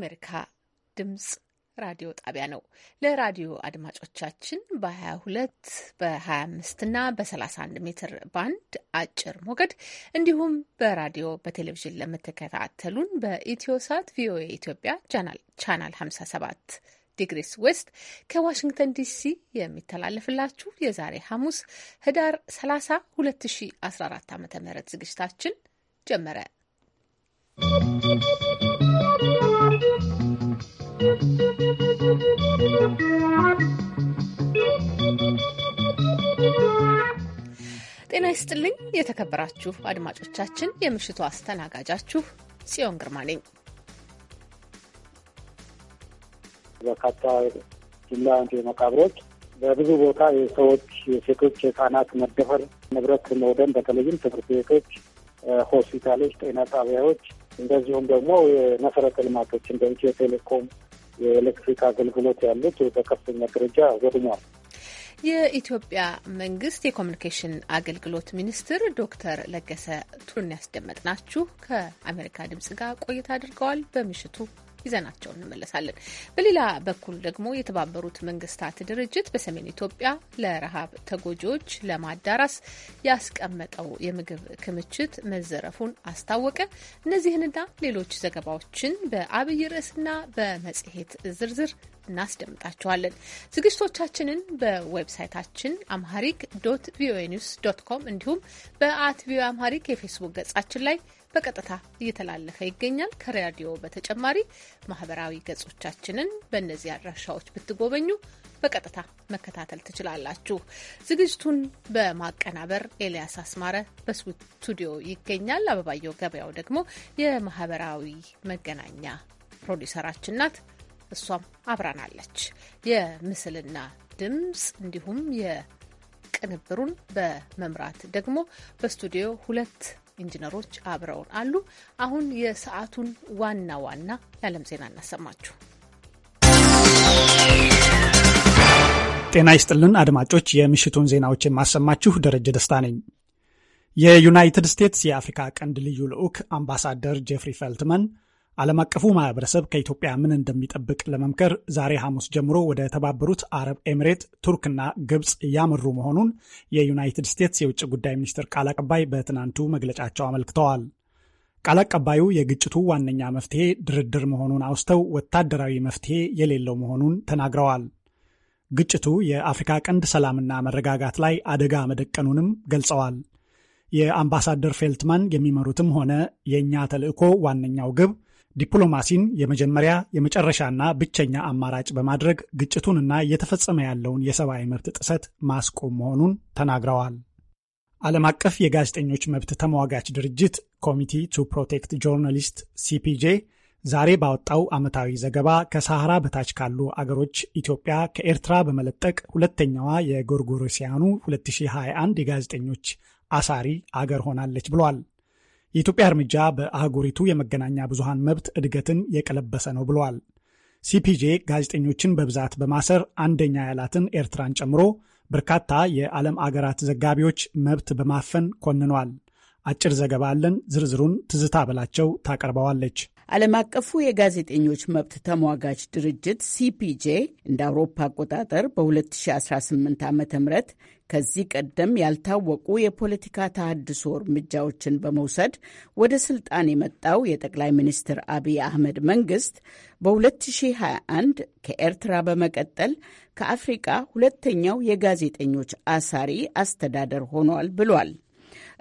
የአሜሪካ ድምጽ ራዲዮ ጣቢያ ነው። ለራዲዮ አድማጮቻችን በ22 በ25 እና በ31 ሜትር ባንድ አጭር ሞገድ እንዲሁም በራዲዮ በቴሌቪዥን ለምትከታተሉን በኢትዮሳት ቪኦኤ ኢትዮጵያ ቻናል 57 ዲግሪስ ዌስት ከዋሽንግተን ዲሲ የሚተላለፍላችሁ የዛሬ ሐሙስ ህዳር 30 2014 ዓ ም ዝግጅታችን ጀመረ። ጤና ይስጥልኝ የተከበራችሁ አድማጮቻችን፣ የምሽቱ አስተናጋጃችሁ ጽዮን ግርማ ነኝ። በርካታ ጅምላ መቃብሮች በብዙ ቦታ የሰዎች የሴቶች፣ የህፃናት መደፈር፣ ንብረት መውደን፣ በተለይም ትምህርት ቤቶች፣ ሆስፒታሎች፣ ጤና ጣቢያዎች እንደዚሁም ደግሞ የመሰረተ ልማቶች እንደ ኢትዮ ቴሌኮም የኤሌክትሪክ አገልግሎት ያሉት በከፍተኛ ደረጃ ወድሟል። የኢትዮጵያ መንግስት የኮሚኒኬሽን አገልግሎት ሚኒስትር ዶክተር ለገሰ ቱን ያስደመጥናችሁ ከአሜሪካ ድምጽ ጋር ቆይታ አድርገዋል። በምሽቱ ይዘናቸው እንመለሳለን። በሌላ በኩል ደግሞ የተባበሩት መንግስታት ድርጅት በሰሜን ኢትዮጵያ ለረሃብ ተጎጂዎች ለማዳረስ ያስቀመጠው የምግብ ክምችት መዘረፉን አስታወቀ። እነዚህንና ሌሎች ዘገባዎችን በአብይ ርዕስና በመጽሔት ዝርዝር እናስደምጣችኋለን። ዝግጅቶቻችንን በዌብሳይታችን አምሃሪክ ዶት ቪኦኤ ኒውስ ዶት ኮም እንዲሁም በአት ቪኦኤ አምሃሪክ የፌስቡክ ገጻችን ላይ በቀጥታ እየተላለፈ ይገኛል። ከራዲዮ በተጨማሪ ማህበራዊ ገጾቻችንን በእነዚህ አድራሻዎች ብትጎበኙ በቀጥታ መከታተል ትችላላችሁ። ዝግጅቱን በማቀናበር ኤልያስ አስማረ በስቱዲዮ ይገኛል። አበባየው ገበያው ደግሞ የማህበራዊ መገናኛ ፕሮዲውሰራችን ናት። እሷም አብራናለች። የምስልና ድምፅ እንዲሁም የቅንብሩን በመምራት ደግሞ በስቱዲዮ ሁለት ኢንጂነሮች አብረውን አሉ። አሁን የሰዓቱን ዋና ዋና የዓለም ዜና እናሰማችሁ። ጤና ይስጥልን አድማጮች፣ የምሽቱን ዜናዎች የማሰማችሁ ደረጀ ደስታ ነኝ። የዩናይትድ ስቴትስ የአፍሪካ ቀንድ ልዩ ልዑክ አምባሳደር ጄፍሪ ፈልትመን ዓለም አቀፉ ማህበረሰብ ከኢትዮጵያ ምን እንደሚጠብቅ ለመምከር ዛሬ ሐሙስ ጀምሮ ወደ ተባበሩት አረብ ኤሚሬት፣ ቱርክና ግብፅ እያመሩ መሆኑን የዩናይትድ ስቴትስ የውጭ ጉዳይ ሚኒስትር ቃል አቀባይ በትናንቱ መግለጫቸው አመልክተዋል። ቃል አቀባዩ የግጭቱ ዋነኛ መፍትሄ ድርድር መሆኑን አውስተው ወታደራዊ መፍትሄ የሌለው መሆኑን ተናግረዋል። ግጭቱ የአፍሪካ ቀንድ ሰላምና መረጋጋት ላይ አደጋ መደቀኑንም ገልጸዋል። የአምባሳደር ፌልትማን የሚመሩትም ሆነ የእኛ ተልዕኮ ዋነኛው ግብ ዲፕሎማሲን የመጀመሪያ የመጨረሻና ብቸኛ አማራጭ በማድረግ ግጭቱንና እየተፈጸመ ያለውን የሰብአዊ መብት ጥሰት ማስቆም መሆኑን ተናግረዋል። ዓለም አቀፍ የጋዜጠኞች መብት ተሟጋች ድርጅት ኮሚቲ ቱ ፕሮቴክት ጆርናሊስት ሲፒጄ ዛሬ ባወጣው ዓመታዊ ዘገባ ከሳሐራ በታች ካሉ አገሮች ኢትዮጵያ ከኤርትራ በመለጠቅ ሁለተኛዋ የጎርጎሮሲያኑ 2021 የጋዜጠኞች አሳሪ አገር ሆናለች ብሏል። የኢትዮጵያ እርምጃ በአህጉሪቱ የመገናኛ ብዙሃን መብት እድገትን የቀለበሰ ነው ብለዋል። ሲፒጄ ጋዜጠኞችን በብዛት በማሰር አንደኛ ያላትን ኤርትራን ጨምሮ በርካታ የዓለም አገራት ዘጋቢዎች መብት በማፈን ኮንኗል። አጭር ዘገባ አለን። ዝርዝሩን ትዝታ በላቸው ታቀርበዋለች። ዓለም አቀፉ የጋዜጠኞች መብት ተሟጋች ድርጅት ሲፒጄ እንደ አውሮፓ አቆጣጠር በ2018 ዓ ም ከዚህ ቀደም ያልታወቁ የፖለቲካ ተሃድሶ እርምጃዎችን በመውሰድ ወደ ስልጣን የመጣው የጠቅላይ ሚኒስትር አብይ አህመድ መንግስት በ2021 ከኤርትራ በመቀጠል ከአፍሪቃ ሁለተኛው የጋዜጠኞች አሳሪ አስተዳደር ሆኗል ብሏል።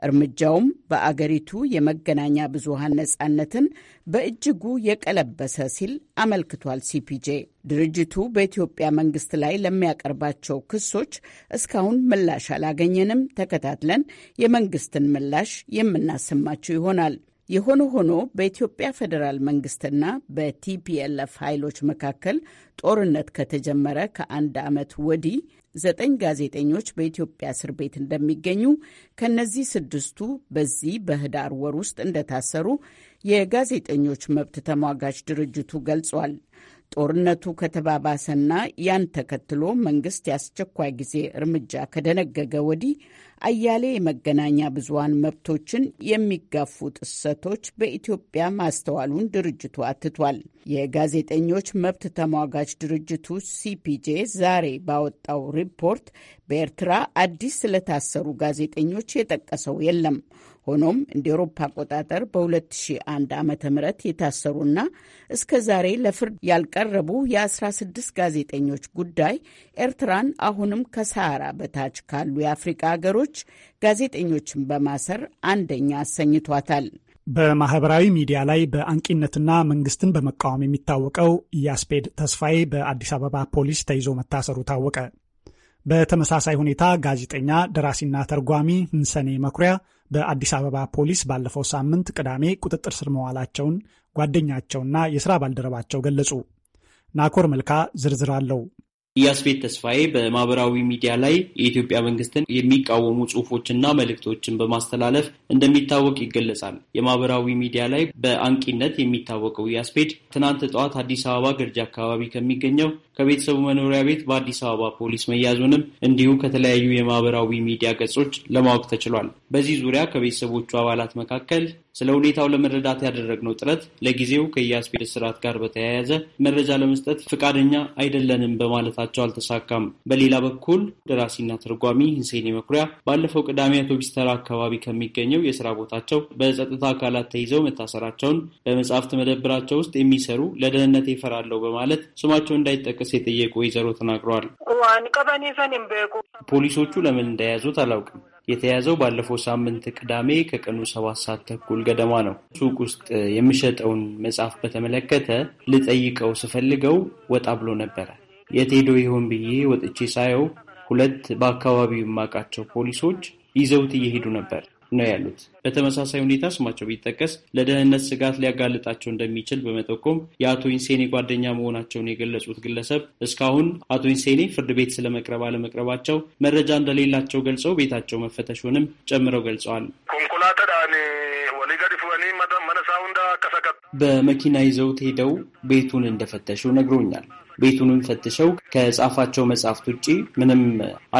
እርምጃውም በአገሪቱ የመገናኛ ብዙሃን ነጻነትን በእጅጉ የቀለበሰ ሲል አመልክቷል። ሲፒጄ ድርጅቱ በኢትዮጵያ መንግስት ላይ ለሚያቀርባቸው ክሶች እስካሁን ምላሽ አላገኘንም። ተከታትለን የመንግስትን ምላሽ የምናሰማችው ይሆናል። የሆነ ሆኖ በኢትዮጵያ ፌዴራል መንግስትና በቲፒኤልኤፍ ኃይሎች መካከል ጦርነት ከተጀመረ ከአንድ ዓመት ወዲህ ዘጠኝ ጋዜጠኞች በኢትዮጵያ እስር ቤት እንደሚገኙ ከነዚህ ስድስቱ በዚህ በህዳር ወር ውስጥ እንደታሰሩ የጋዜጠኞች መብት ተሟጋች ድርጅቱ ገልጿል። ጦርነቱ ከተባባሰና ያን ተከትሎ መንግስት የአስቸኳይ ጊዜ እርምጃ ከደነገገ ወዲህ አያሌ የመገናኛ ብዙሃን መብቶችን የሚጋፉ ጥሰቶች በኢትዮጵያ ማስተዋሉን ድርጅቱ አትቷል። የጋዜጠኞች መብት ተሟጋች ድርጅቱ ሲፒጄ ዛሬ ባወጣው ሪፖርት በኤርትራ አዲስ ስለታሰሩ ጋዜጠኞች የጠቀሰው የለም። ሆኖም እንደ ኤሮፓ አቆጣጠር በ2001 ዓ ም የታሰሩና እስከ ዛሬ ለፍርድ ያልቀረቡ የ16 ጋዜጠኞች ጉዳይ ኤርትራን አሁንም ከሰሃራ በታች ካሉ የአፍሪቃ ሀገሮች ጋዜጠኞችን በማሰር አንደኛ አሰኝቷታል። በማህበራዊ ሚዲያ ላይ በአንቂነትና መንግስትን በመቃወም የሚታወቀው ኢያስፔድ ተስፋዬ በአዲስ አበባ ፖሊስ ተይዞ መታሰሩ ታወቀ። በተመሳሳይ ሁኔታ ጋዜጠኛ ደራሲና ተርጓሚ ህንሰኔ መኩሪያ በአዲስ አበባ ፖሊስ ባለፈው ሳምንት ቅዳሜ ቁጥጥር ስር መዋላቸውን ጓደኛቸውና የሥራ ባልደረባቸው ገለጹ። ናኮር መልካ ዝርዝር አለው። ኢያስቤት ተስፋዬ በማህበራዊ ሚዲያ ላይ የኢትዮጵያ መንግስትን የሚቃወሙ ጽሁፎችና መልእክቶችን በማስተላለፍ እንደሚታወቅ ይገለጻል። የማህበራዊ ሚዲያ ላይ በአንቂነት የሚታወቀው ኢያስቤት ትናንት ጠዋት አዲስ አበባ ግርጃ አካባቢ ከሚገኘው ከቤተሰቡ መኖሪያ ቤት በአዲስ አበባ ፖሊስ መያዙንም እንዲሁ ከተለያዩ የማህበራዊ ሚዲያ ገጾች ለማወቅ ተችሏል። በዚህ ዙሪያ ከቤተሰቦቹ አባላት መካከል ስለ ሁኔታው ለመረዳት ያደረግነው ጥረት ለጊዜው ከኢያስፔድ ስርዓት ጋር በተያያዘ መረጃ ለመስጠት ፈቃደኛ አይደለንም በማለታቸው አልተሳካም። በሌላ በኩል ደራሲና ተርጓሚ ህንሴኔ መኩሪያ ባለፈው ቅዳሜ አቶ ተራ አካባቢ ከሚገኘው የስራ ቦታቸው በጸጥታ አካላት ተይዘው መታሰራቸውን በመጽሐፍት መደብራቸው ውስጥ የሚሰሩ ለደህንነት ይፈራለሁ በማለት ስማቸው እንዳይጠቀስ የጠየቁ ወይዘሮ ተናግረዋል። ፖሊሶቹ ለምን እንደያዙት አላውቅም የተያዘው ባለፈው ሳምንት ቅዳሜ ከቀኑ ሰባት ሰዓት ተኩል ገደማ ነው። ሱቅ ውስጥ የሚሸጠውን መጽሐፍ በተመለከተ ልጠይቀው ስፈልገው ወጣ ብሎ ነበረ። የት ሄዶ ይሆን ብዬ ወጥቼ ሳየው ሁለት በአካባቢው የማውቃቸው ፖሊሶች ይዘውት እየሄዱ ነበር። ነው ያሉት። በተመሳሳይ ሁኔታ ስማቸው ቢጠቀስ ለደህንነት ስጋት ሊያጋልጣቸው እንደሚችል በመጠቆም የአቶ ኢንሴኔ ጓደኛ መሆናቸውን የገለጹት ግለሰብ እስካሁን አቶ ኢንሴኔ ፍርድ ቤት ስለመቅረብ አለመቅረባቸው መረጃ እንደሌላቸው ገልጸው ቤታቸው መፈተሹንም ጨምረው ገልጸዋል። በመኪና ይዘውት ሄደው ቤቱን እንደፈተሹ ነግሮኛል። ቤቱንም ፈትሸው ከጻፋቸው መጽሐፍት ውጭ ምንም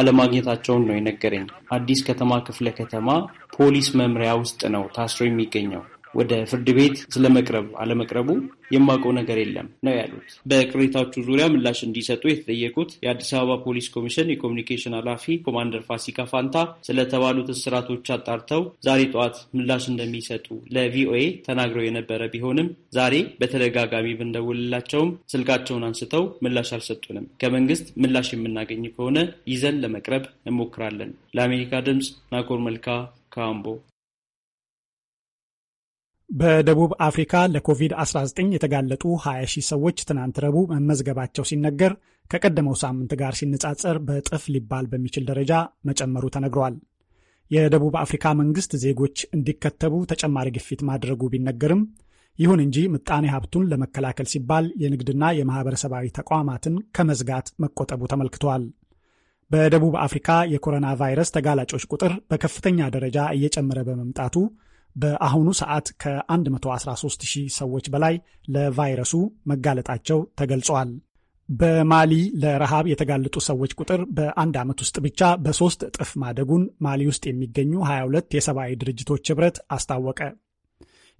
አለማግኘታቸውን ነው የነገረኝ። አዲስ ከተማ ክፍለ ከተማ ፖሊስ መምሪያ ውስጥ ነው ታስሮ የሚገኘው። ወደ ፍርድ ቤት ስለመቅረብ አለመቅረቡ የማውቀው ነገር የለም ነው ያሉት። በቅሬታዎቹ ዙሪያ ምላሽ እንዲሰጡ የተጠየቁት የአዲስ አበባ ፖሊስ ኮሚሽን የኮሚኒኬሽን ኃላፊ ኮማንደር ፋሲካ ፋንታ ስለተባሉት እስራቶች አጣርተው ዛሬ ጠዋት ምላሽ እንደሚሰጡ ለቪኦኤ ተናግረው የነበረ ቢሆንም ዛሬ በተደጋጋሚ ብንደውልላቸውም ስልካቸውን አንስተው ምላሽ አልሰጡንም። ከመንግስት ምላሽ የምናገኝ ከሆነ ይዘን ለመቅረብ እንሞክራለን። ለአሜሪካ ድምፅ ናኮር መልካ ካምቦ በደቡብ አፍሪካ ለኮቪድ-19 የተጋለጡ 20 ሺህ ሰዎች ትናንት ረቡዕ መመዝገባቸው ሲነገር ከቀደመው ሳምንት ጋር ሲነጻጸር በእጥፍ ሊባል በሚችል ደረጃ መጨመሩ ተነግሯል። የደቡብ አፍሪካ መንግስት ዜጎች እንዲከተቡ ተጨማሪ ግፊት ማድረጉ ቢነገርም ይሁን እንጂ ምጣኔ ሀብቱን ለመከላከል ሲባል የንግድና የማህበረሰባዊ ተቋማትን ከመዝጋት መቆጠቡ ተመልክቷል። በደቡብ አፍሪካ የኮሮና ቫይረስ ተጋላጮች ቁጥር በከፍተኛ ደረጃ እየጨመረ በመምጣቱ በአሁኑ ሰዓት ከ113 ሺህ ሰዎች በላይ ለቫይረሱ መጋለጣቸው ተገልጸዋል። በማሊ ለረሃብ የተጋለጡ ሰዎች ቁጥር በአንድ ዓመት ውስጥ ብቻ በሶስት እጥፍ ማደጉን ማሊ ውስጥ የሚገኙ 22 የሰብአዊ ድርጅቶች ኅብረት አስታወቀ።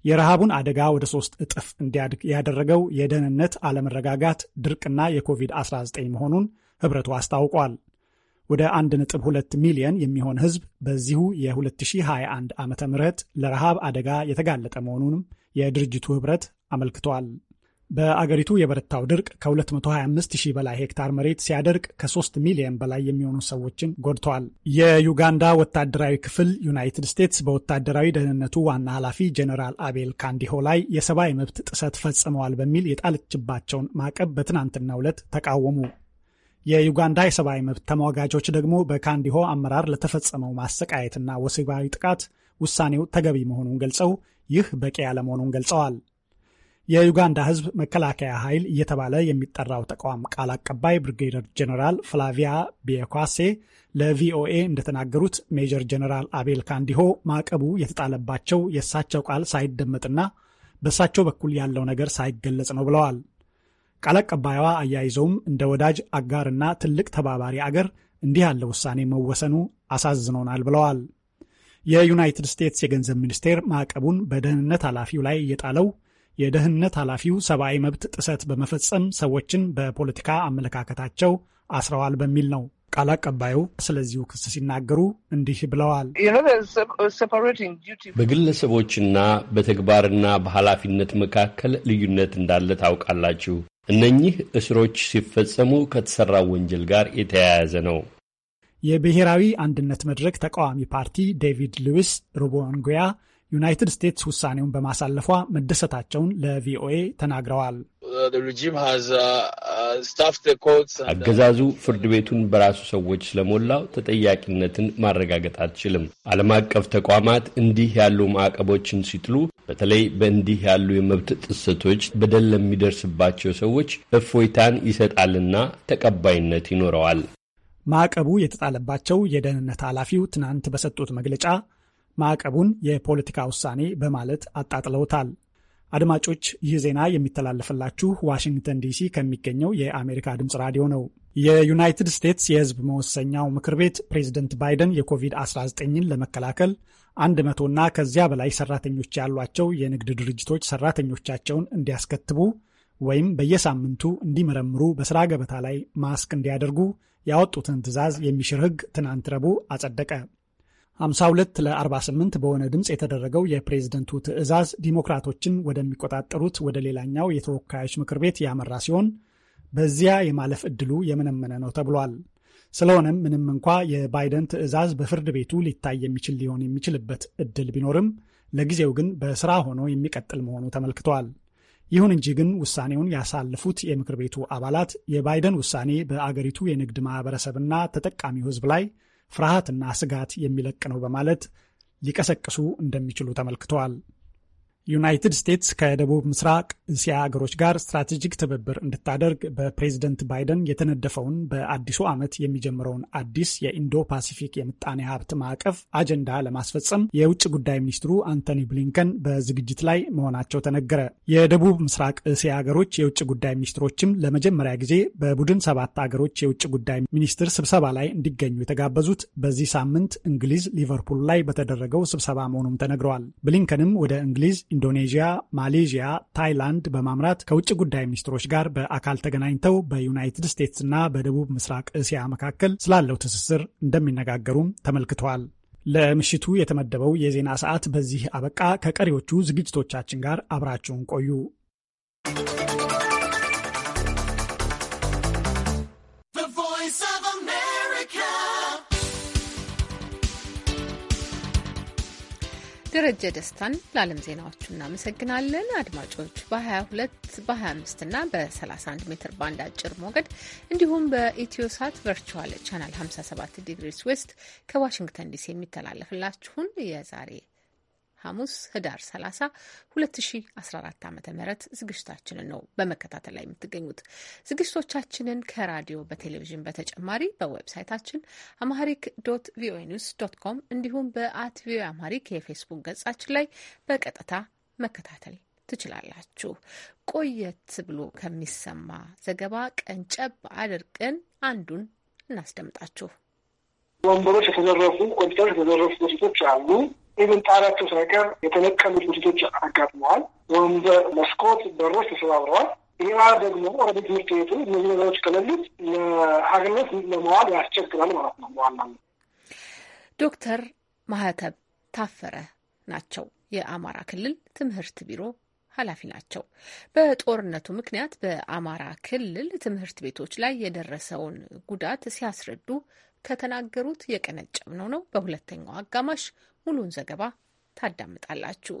የረሃቡን አደጋ ወደ ሶስት እጥፍ እንዲያድግ ያደረገው የደህንነት አለመረጋጋት፣ ድርቅና የኮቪድ-19 መሆኑን ኅብረቱ አስታውቋል። ወደ 1.2 ሚሊዮን የሚሆን ህዝብ በዚሁ የ2021 ዓ ም ለረሃብ አደጋ የተጋለጠ መሆኑንም የድርጅቱ ህብረት አመልክቷል። በአገሪቱ የበረታው ድርቅ ከ225 ሺህ በላይ ሄክታር መሬት ሲያደርቅ ከ3 ሚሊዮን በላይ የሚሆኑ ሰዎችን ጎድተዋል። የዩጋንዳ ወታደራዊ ክፍል ዩናይትድ ስቴትስ በወታደራዊ ደህንነቱ ዋና ኃላፊ ጀኔራል አቤል ካንዲሆ ላይ የሰብአዊ መብት ጥሰት ፈጽመዋል በሚል የጣለችባቸውን ማዕቀብ በትናንትናው ዕለት ተቃወሙ። የዩጋንዳ የሰብአዊ መብት ተሟጋቾች ደግሞ በካንዲሆ አመራር ለተፈጸመው ማሰቃየትና ወሲባዊ ጥቃት ውሳኔው ተገቢ መሆኑን ገልጸው ይህ በቂ ያለመሆኑን ገልጸዋል። የዩጋንዳ ሕዝብ መከላከያ ኃይል እየተባለ የሚጠራው ተቋም ቃል አቀባይ ብሪጌደር ጀነራል ፍላቪያ ቢየኳሴ ለቪኦኤ እንደተናገሩት ሜጀር ጀኔራል አቤል ካንዲሆ ማዕቀቡ የተጣለባቸው የእሳቸው ቃል ሳይደመጥና በእሳቸው በኩል ያለው ነገር ሳይገለጽ ነው ብለዋል። ቃል አቀባይዋ አያይዘውም እንደ ወዳጅ አጋርና ትልቅ ተባባሪ አገር እንዲህ ያለ ውሳኔ መወሰኑ አሳዝኖናል ብለዋል። የዩናይትድ ስቴትስ የገንዘብ ሚኒስቴር ማዕቀቡን በደህንነት ኃላፊው ላይ እየጣለው የደህንነት ኃላፊው ሰብአዊ መብት ጥሰት በመፈጸም ሰዎችን በፖለቲካ አመለካከታቸው አስረዋል በሚል ነው። ቃል አቀባዩ ስለዚሁ ክስ ሲናገሩ እንዲህ ብለዋል። በግለሰቦችና በተግባርና በኃላፊነት መካከል ልዩነት እንዳለ ታውቃላችሁ። እነኚህ እስሮች ሲፈጸሙ ከተሰራው ወንጀል ጋር የተያያዘ ነው። የብሔራዊ አንድነት መድረክ ተቃዋሚ ፓርቲ ዴቪድ ሉዊስ ሩቦንጉያ ዩናይትድ ስቴትስ ውሳኔውን በማሳለፏ መደሰታቸውን ለቪኦኤ ተናግረዋል። uh, uh, uh, አገዛዙ ፍርድ ቤቱን በራሱ ሰዎች ስለሞላው ተጠያቂነትን ማረጋገጥ አትችልም። ዓለም አቀፍ ተቋማት እንዲህ ያሉ ማዕቀቦችን ሲጥሉ በተለይ በእንዲህ ያሉ የመብት ጥሰቶች በደል ለሚደርስባቸው ሰዎች እፎይታን ይሰጣልና ተቀባይነት ይኖረዋል። ማዕቀቡ የተጣለባቸው የደህንነት ኃላፊው ትናንት በሰጡት መግለጫ ማዕቀቡን የፖለቲካ ውሳኔ በማለት አጣጥለውታል። አድማጮች ይህ ዜና የሚተላለፍላችሁ ዋሽንግተን ዲሲ ከሚገኘው የአሜሪካ ድምፅ ራዲዮ ነው። የዩናይትድ ስቴትስ የሕዝብ መወሰኛው ምክር ቤት ፕሬዝደንት ባይደን የኮቪድ-19ን ለመከላከል አንድ መቶና ከዚያ በላይ ሰራተኞች ያሏቸው የንግድ ድርጅቶች ሰራተኞቻቸውን እንዲያስከትቡ ወይም በየሳምንቱ እንዲመረምሩ በስራ ገበታ ላይ ማስክ እንዲያደርጉ ያወጡትን ትዕዛዝ የሚሽር ሕግ ትናንት ረቡዕ አጸደቀ። 52 ለ48 በሆነ ድምፅ የተደረገው የፕሬዝደንቱ ትዕዛዝ ዲሞክራቶችን ወደሚቆጣጠሩት ወደ ሌላኛው የተወካዮች ምክር ቤት ያመራ ሲሆን በዚያ የማለፍ እድሉ የመነመነ ነው ተብሏል። ስለሆነም ምንም እንኳ የባይደን ትዕዛዝ በፍርድ ቤቱ ሊታይ የሚችል ሊሆን የሚችልበት እድል ቢኖርም ለጊዜው ግን በስራ ሆኖ የሚቀጥል መሆኑ ተመልክቷል። ይሁን እንጂ ግን ውሳኔውን ያሳለፉት የምክር ቤቱ አባላት የባይደን ውሳኔ በአገሪቱ የንግድ ማህበረሰብና ተጠቃሚው ሕዝብ ላይ ፍርሃትና ስጋት የሚለቅ ነው በማለት ሊቀሰቅሱ እንደሚችሉ ተመልክተዋል። ዩናይትድ ስቴትስ ከደቡብ ምስራቅ እስያ አገሮች ጋር ስትራቴጂክ ትብብር እንድታደርግ በፕሬዝደንት ባይደን የተነደፈውን በአዲሱ ዓመት የሚጀምረውን አዲስ የኢንዶ ፓሲፊክ የምጣኔ ሀብት ማዕቀፍ አጀንዳ ለማስፈጸም የውጭ ጉዳይ ሚኒስትሩ አንቶኒ ብሊንከን በዝግጅት ላይ መሆናቸው ተነገረ። የደቡብ ምስራቅ እስያ አገሮች የውጭ ጉዳይ ሚኒስትሮችም ለመጀመሪያ ጊዜ በቡድን ሰባት አገሮች የውጭ ጉዳይ ሚኒስትር ስብሰባ ላይ እንዲገኙ የተጋበዙት በዚህ ሳምንት እንግሊዝ ሊቨርፑል ላይ በተደረገው ስብሰባ መሆኑም ተነግረዋል። ብሊንከንም ወደ እንግሊዝ ኢንዶኔዥያ፣ ማሌዥያ፣ ታይላንድ በማምራት ከውጭ ጉዳይ ሚኒስትሮች ጋር በአካል ተገናኝተው በዩናይትድ እና በደቡብ ምስራቅ እስያ መካከል ስላለው ትስስር እንደሚነጋገሩም ተመልክተዋል። ለምሽቱ የተመደበው የዜና ሰዓት በዚህ አበቃ። ከቀሪዎቹ ዝግጅቶቻችን ጋር አብራችሁን ቆዩ። ደረጀ ደስታን ለዓለም ዜናዎቹ እናመሰግናለን። አድማጮች በ22 በ25 እና በ31 ሜትር ባንድ አጭር ሞገድ እንዲሁም በኢትዮሳት ቨርቹዋል ቻናል 57 ዲግሪስ ዌስት ከዋሽንግተን ዲሲ የሚተላለፍላችሁን የዛሬ ሐሙስ ህዳር 30 2014 ዓ ም ዝግጅታችንን ነው በመከታተል ላይ የምትገኙት። ዝግጅቶቻችንን ከራዲዮ በቴሌቪዥን በተጨማሪ በዌብሳይታችን አማሪክ ዶት ቪኦኤ ኒውስ ዶት ኮም እንዲሁም በአት ቪኦኤ አማሪክ የፌስቡክ ገጻችን ላይ በቀጥታ መከታተል ትችላላችሁ። ቆየት ብሎ ከሚሰማ ዘገባ ቀንጨብ አድርገን አንዱን እናስደምጣችሁ። ወንበሮች የተዘረፉ፣ ኮምፒውተሮች የተዘረፉ ሴቶች አሉ። ኢቨን ጣሪያቸው ሳይቀር የተነቀሉ ድርጅቶች አጋጥመዋል። ወንበር፣ መስኮት፣ በሮች ተሰባብረዋል። ይህ ደግሞ ወደ ትምህርት ቤቱ እነዚህ ነገሮች ከሌሉት ለሀገርነት ለመዋል ያስቸግራል ማለት ነው። ዋና ዶክተር ማህተብ ታፈረ ናቸው። የአማራ ክልል ትምህርት ቢሮ ኃላፊ ናቸው። በጦርነቱ ምክንያት በአማራ ክልል ትምህርት ቤቶች ላይ የደረሰውን ጉዳት ሲያስረዱ ከተናገሩት የቀነጨምነው ነው። በሁለተኛው አጋማሽ ሙሉን ዘገባ ታዳምጣላችሁ።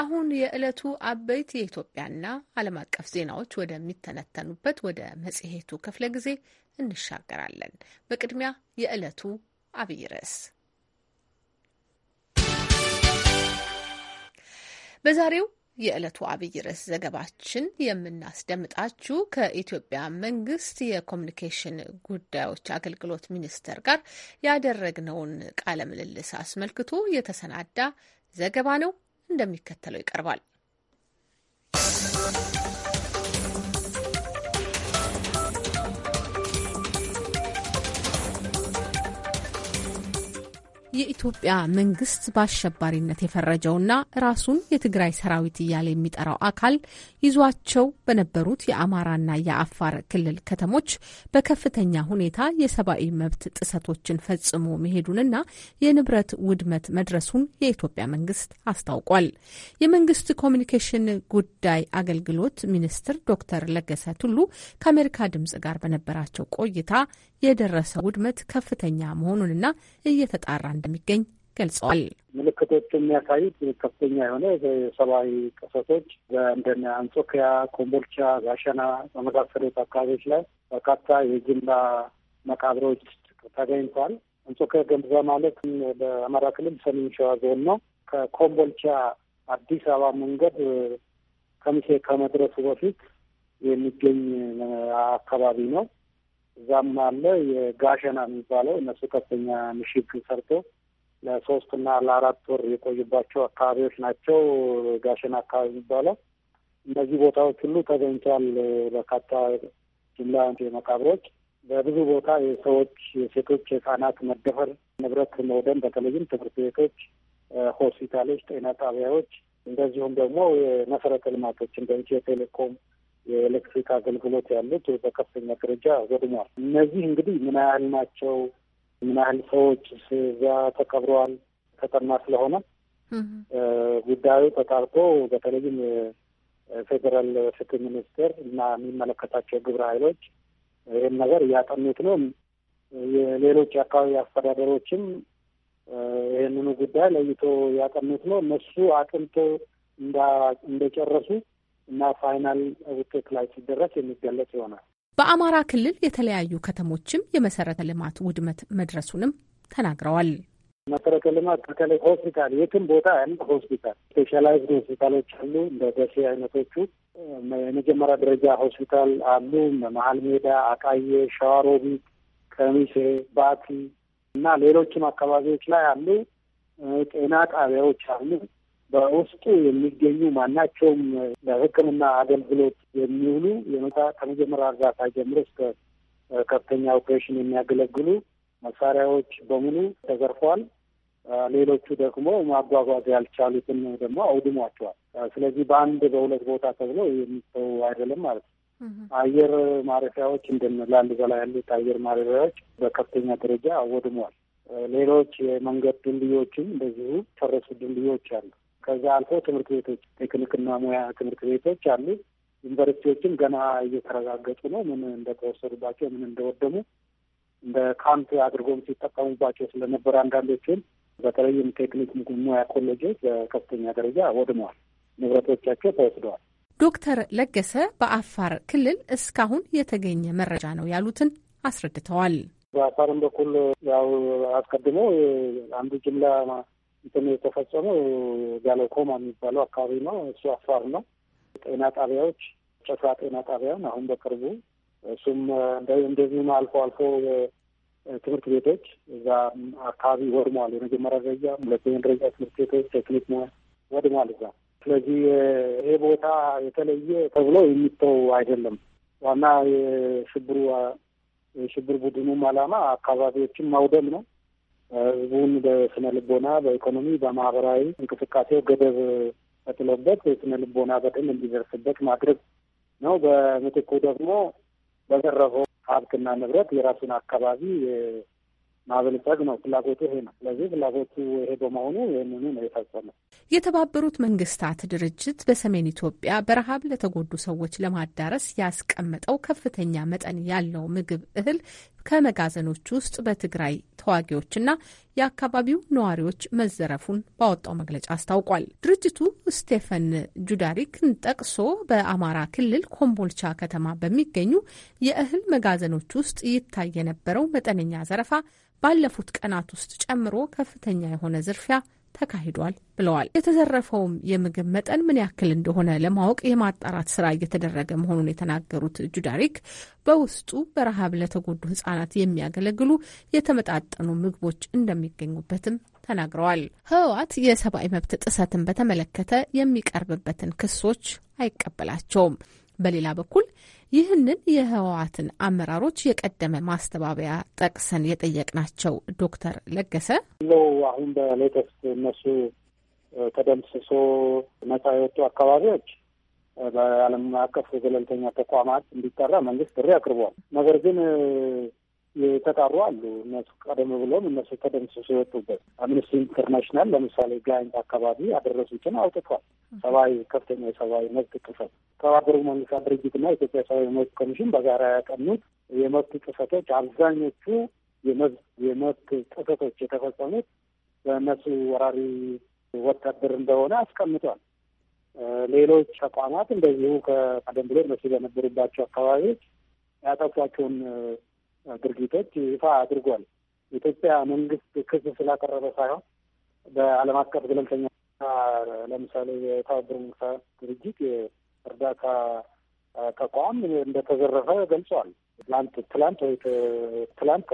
አሁን የዕለቱ አበይት የኢትዮጵያና ዓለም አቀፍ ዜናዎች ወደሚተነተኑበት ወደ መጽሔቱ ክፍለ ጊዜ እንሻገራለን። በቅድሚያ የዕለቱ አብይ ርዕስ በዛሬው የዕለቱ አብይ ርዕስ ዘገባችን የምናስደምጣችሁ ከኢትዮጵያ መንግስት የኮሚኒኬሽን ጉዳዮች አገልግሎት ሚኒስቴር ጋር ያደረግነውን ቃለ ምልልስ አስመልክቶ የተሰናዳ ዘገባ ነው። እንደሚከተለው ይቀርባል። የኢትዮጵያ መንግስት በአሸባሪነት የፈረጀውና ራሱን የትግራይ ሰራዊት እያለ የሚጠራው አካል ይዟቸው በነበሩት የአማራና የአፋር ክልል ከተሞች በከፍተኛ ሁኔታ የሰብአዊ መብት ጥሰቶችን ፈጽሞ መሄዱንና የንብረት ውድመት መድረሱን የኢትዮጵያ መንግስት አስታውቋል። የመንግስት ኮሚኒኬሽን ጉዳይ አገልግሎት ሚኒስትር ዶክተር ለገሰ ቱሉ ከአሜሪካ ድምጽ ጋር በነበራቸው ቆይታ የደረሰው ውድመት ከፍተኛ መሆኑንና እየተጣራ እንደሚገኝ ገልጸዋል። ምልክቶቹ የሚያሳዩት ከፍተኛ የሆነ የሰብአዊ ቅሰቶች እንደነ አንጾኪያ፣ ኮምቦልቻ፣ ጋሸና በመሳሰሉት አካባቢዎች ላይ በርካታ የጅምላ መቃብሮች ተገኝተዋል። አንጾኪያ ገምዛ ማለት በአማራ ክልል ሰሜን ሸዋ ዞን ነው። ከኮምቦልቻ አዲስ አበባ መንገድ ከሚሴ ከመድረሱ በፊት የሚገኝ አካባቢ ነው። እዛም አለ የጋሸና የሚባለው እነሱ ከፍተኛ ምሽግ ሰርቶ ለሶስት እና ለአራት ወር የቆዩባቸው አካባቢዎች ናቸው። ጋሸና አካባቢ የሚባለው እነዚህ ቦታዎች ሁሉ ተገኝቷል። በርካታ ጅምላ መቃብሮች በብዙ ቦታ የሰዎች የሴቶች፣ የህጻናት መደፈር፣ ንብረት መውደም፣ በተለይም ትምህርት ቤቶች፣ ሆስፒታሎች፣ ጤና ጣቢያዎች እንደዚሁም ደግሞ የመሰረተ ልማቶች እንደ ኢትዮ ቴሌኮም የኤሌክትሪክ አገልግሎት ያሉት በከፍተኛ ደረጃ ወድሟል። እነዚህ እንግዲህ ምን ያህል ናቸው? ምን ያህል ሰዎች እዚያ ተቀብረዋል? ተጠና ስለሆነ ጉዳዩ ተጣርቶ በተለይም የፌዴራል ፍትህ ሚኒስቴር እና የሚመለከታቸው ግብረ ኃይሎች ይህን ነገር እያጠኑት ነው። የሌሎች አካባቢ አስተዳደሮችም ይህንኑ ጉዳይ ለይቶ ያጠኑት ነው። እነሱ አጥንቶ እንደጨረሱ እና ፋይናል ውጤት ላይ ሲደረስ የሚገለጽ ይሆናል። በአማራ ክልል የተለያዩ ከተሞችም የመሰረተ ልማት ውድመት መድረሱንም ተናግረዋል። መሰረተ ልማት በተለይ ሆስፒታል፣ የትም ቦታ ያለ ሆስፒታል ስፔሻላይዝድ ሆስፒታሎች አሉ። እንደ ደሴ አይነቶቹ የመጀመሪያ ደረጃ ሆስፒታል አሉ። መሀል ሜዳ፣ አቃየ፣ ሸዋሮቢት፣ ከሚሴ፣ ባቲ እና ሌሎችም አካባቢዎች ላይ አሉ። ጤና ጣቢያዎች አሉ። በውስጡ የሚገኙ ማናቸውም ለሕክምና አገልግሎት የሚውሉ ከመጀመሪያ እርዳታ ጀምሮ እስከ ከፍተኛ ኦፕሬሽን የሚያገለግሉ መሳሪያዎች በሙሉ ተዘርፏል። ሌሎቹ ደግሞ ማጓጓዝ ያልቻሉትን ደግሞ አውድሟቸዋል። ስለዚህ በአንድ በሁለት ቦታ ተብሎ የሚተው አይደለም ማለት ነው። አየር ማረፊያዎች እንደነ ላሊበላ ያሉት አየር ማረፊያዎች በከፍተኛ ደረጃ አወድሟል። ሌሎች የመንገድ ድልድዮችም እንደዚሁ ፈረሱ ድልድዮች አሉ። ከዛ አልፎ ትምህርት ቤቶች ቴክኒክና ሙያ ትምህርት ቤቶች አሉ። ዩኒቨርሲቲዎችም ገና እየተረጋገጡ ነው፣ ምን እንደተወሰዱባቸው ምን እንደወደሙ እንደ ካምፕ አድርጎም ሲጠቀሙባቸው ስለነበረ አንዳንዶችን በተለይም ቴክኒክ ሙያ ኮሌጆች በከፍተኛ ደረጃ ወድመዋል፣ ንብረቶቻቸው ተወስደዋል። ዶክተር ለገሰ በአፋር ክልል እስካሁን የተገኘ መረጃ ነው ያሉትን አስረድተዋል። በአፋርም በኩል ያው አስቀድሞ አንዱ ጅምላ እንትን የተፈጸመው ጋለኮማ የሚባለው አካባቢ ነው። እሱ አፋር ነው። ጤና ጣቢያዎች ጨፍራ ጤና ጣቢያን አሁን በቅርቡ እሱም እንደዚህ ነው። አልፎ አልፎ ትምህርት ቤቶች እዛ አካባቢ ወድሟል። የመጀመሪያ ደረጃ፣ ሁለተኛ ደረጃ ትምህርት ቤቶች ቴክኒክ ወድሟል እዛ። ስለዚህ ይሄ ቦታ የተለየ ተብሎ የሚተው አይደለም። ዋና የሽብሩ የሽብር ቡድኑም አላማ አካባቢዎችን ማውደም ነው። ህዝቡን በስነ ልቦና፣ በኢኮኖሚ፣ በማህበራዊ እንቅስቃሴው ገደብ ተጥሎበት ስነ ልቦና በደል እንዲደርስበት ማድረግ ነው። በምትኩ ደግሞ በዘረፈው ሀብትና ንብረት የራሱን አካባቢ ማበልጸግ ነው ፍላጎቱ ይሄ ነው። ስለዚህ ፍላጎቱ ይሄ በመሆኑ ይህንኑ ነው የፈጸመው። የተባበሩት መንግስታት ድርጅት በሰሜን ኢትዮጵያ በረሀብ ለተጎዱ ሰዎች ለማዳረስ ያስቀመጠው ከፍተኛ መጠን ያለው ምግብ እህል ከመጋዘኖች ውስጥ በትግራይ ተዋጊዎችና የአካባቢው ነዋሪዎች መዘረፉን ባወጣው መግለጫ አስታውቋል። ድርጅቱ ስቴፈን ጁዳሪክን ጠቅሶ በአማራ ክልል ኮምቦልቻ ከተማ በሚገኙ የእህል መጋዘኖች ውስጥ ይታይ የነበረው መጠነኛ ዘረፋ ባለፉት ቀናት ውስጥ ጨምሮ ከፍተኛ የሆነ ዝርፊያ ተካሂዷል ብለዋል። የተዘረፈውም የምግብ መጠን ምን ያክል እንደሆነ ለማወቅ የማጣራት ስራ እየተደረገ መሆኑን የተናገሩት ጁዳሪክ በውስጡ በረሃብ ለተጎዱ ህጻናት የሚያገለግሉ የተመጣጠኑ ምግቦች እንደሚገኙበትም ተናግረዋል። ህወሓት የሰብአዊ መብት ጥሰትን በተመለከተ የሚቀርብበትን ክሶች አይቀበላቸውም። በሌላ በኩል ይህንን የህወሓትን አመራሮች የቀደመ ማስተባበያ ጠቅሰን የጠየቅናቸው ዶክተር ለገሰ ለው አሁን በሌተስ እነሱ ተደምስሶ ነጻ የወጡ አካባቢዎች በዓለም አቀፍ ገለልተኛ ተቋማት እንዲጠራ መንግስት ጥሪ አቅርቧል። ነገር ግን የተጣሩ አሉ። እነሱ ቀደም ብሎም እነሱ ተደምስሶ የወጡበት አምነስቲ ኢንተርናሽናል ለምሳሌ ጋይንት አካባቢ አደረሱትን አውጥቷል። ሰብአዊ ከፍተኛ የሰብአዊ መብት ጥሰት የተባበሩት መንግስታት ድርጅትና ኢትዮጵያ ሰብአዊ መብት ኮሚሽን በጋራ ያቀኑት የመብት ጥሰቶች አብዛኞቹ የመብት ጥሰቶች የተፈጸሙት በእነሱ ወራሪ ወታደር እንደሆነ አስቀምጧል። ሌሎች ተቋማት እንደዚሁ ከቀደም ብሎ እነሱ በነበሩባቸው አካባቢዎች ያጠፏቸውን ድርጊቶች ይፋ አድርጓል። የኢትዮጵያ መንግስት ክስ ስላቀረበ ሳይሆን በዓለም አቀፍ ገለልተኛ ለምሳሌ የተባበሩ መንግስታት ድርጅት የእርዳታ ተቋም እንደተዘረፈ ገልጿል። ትላንት ትላንት ወይ ትላንት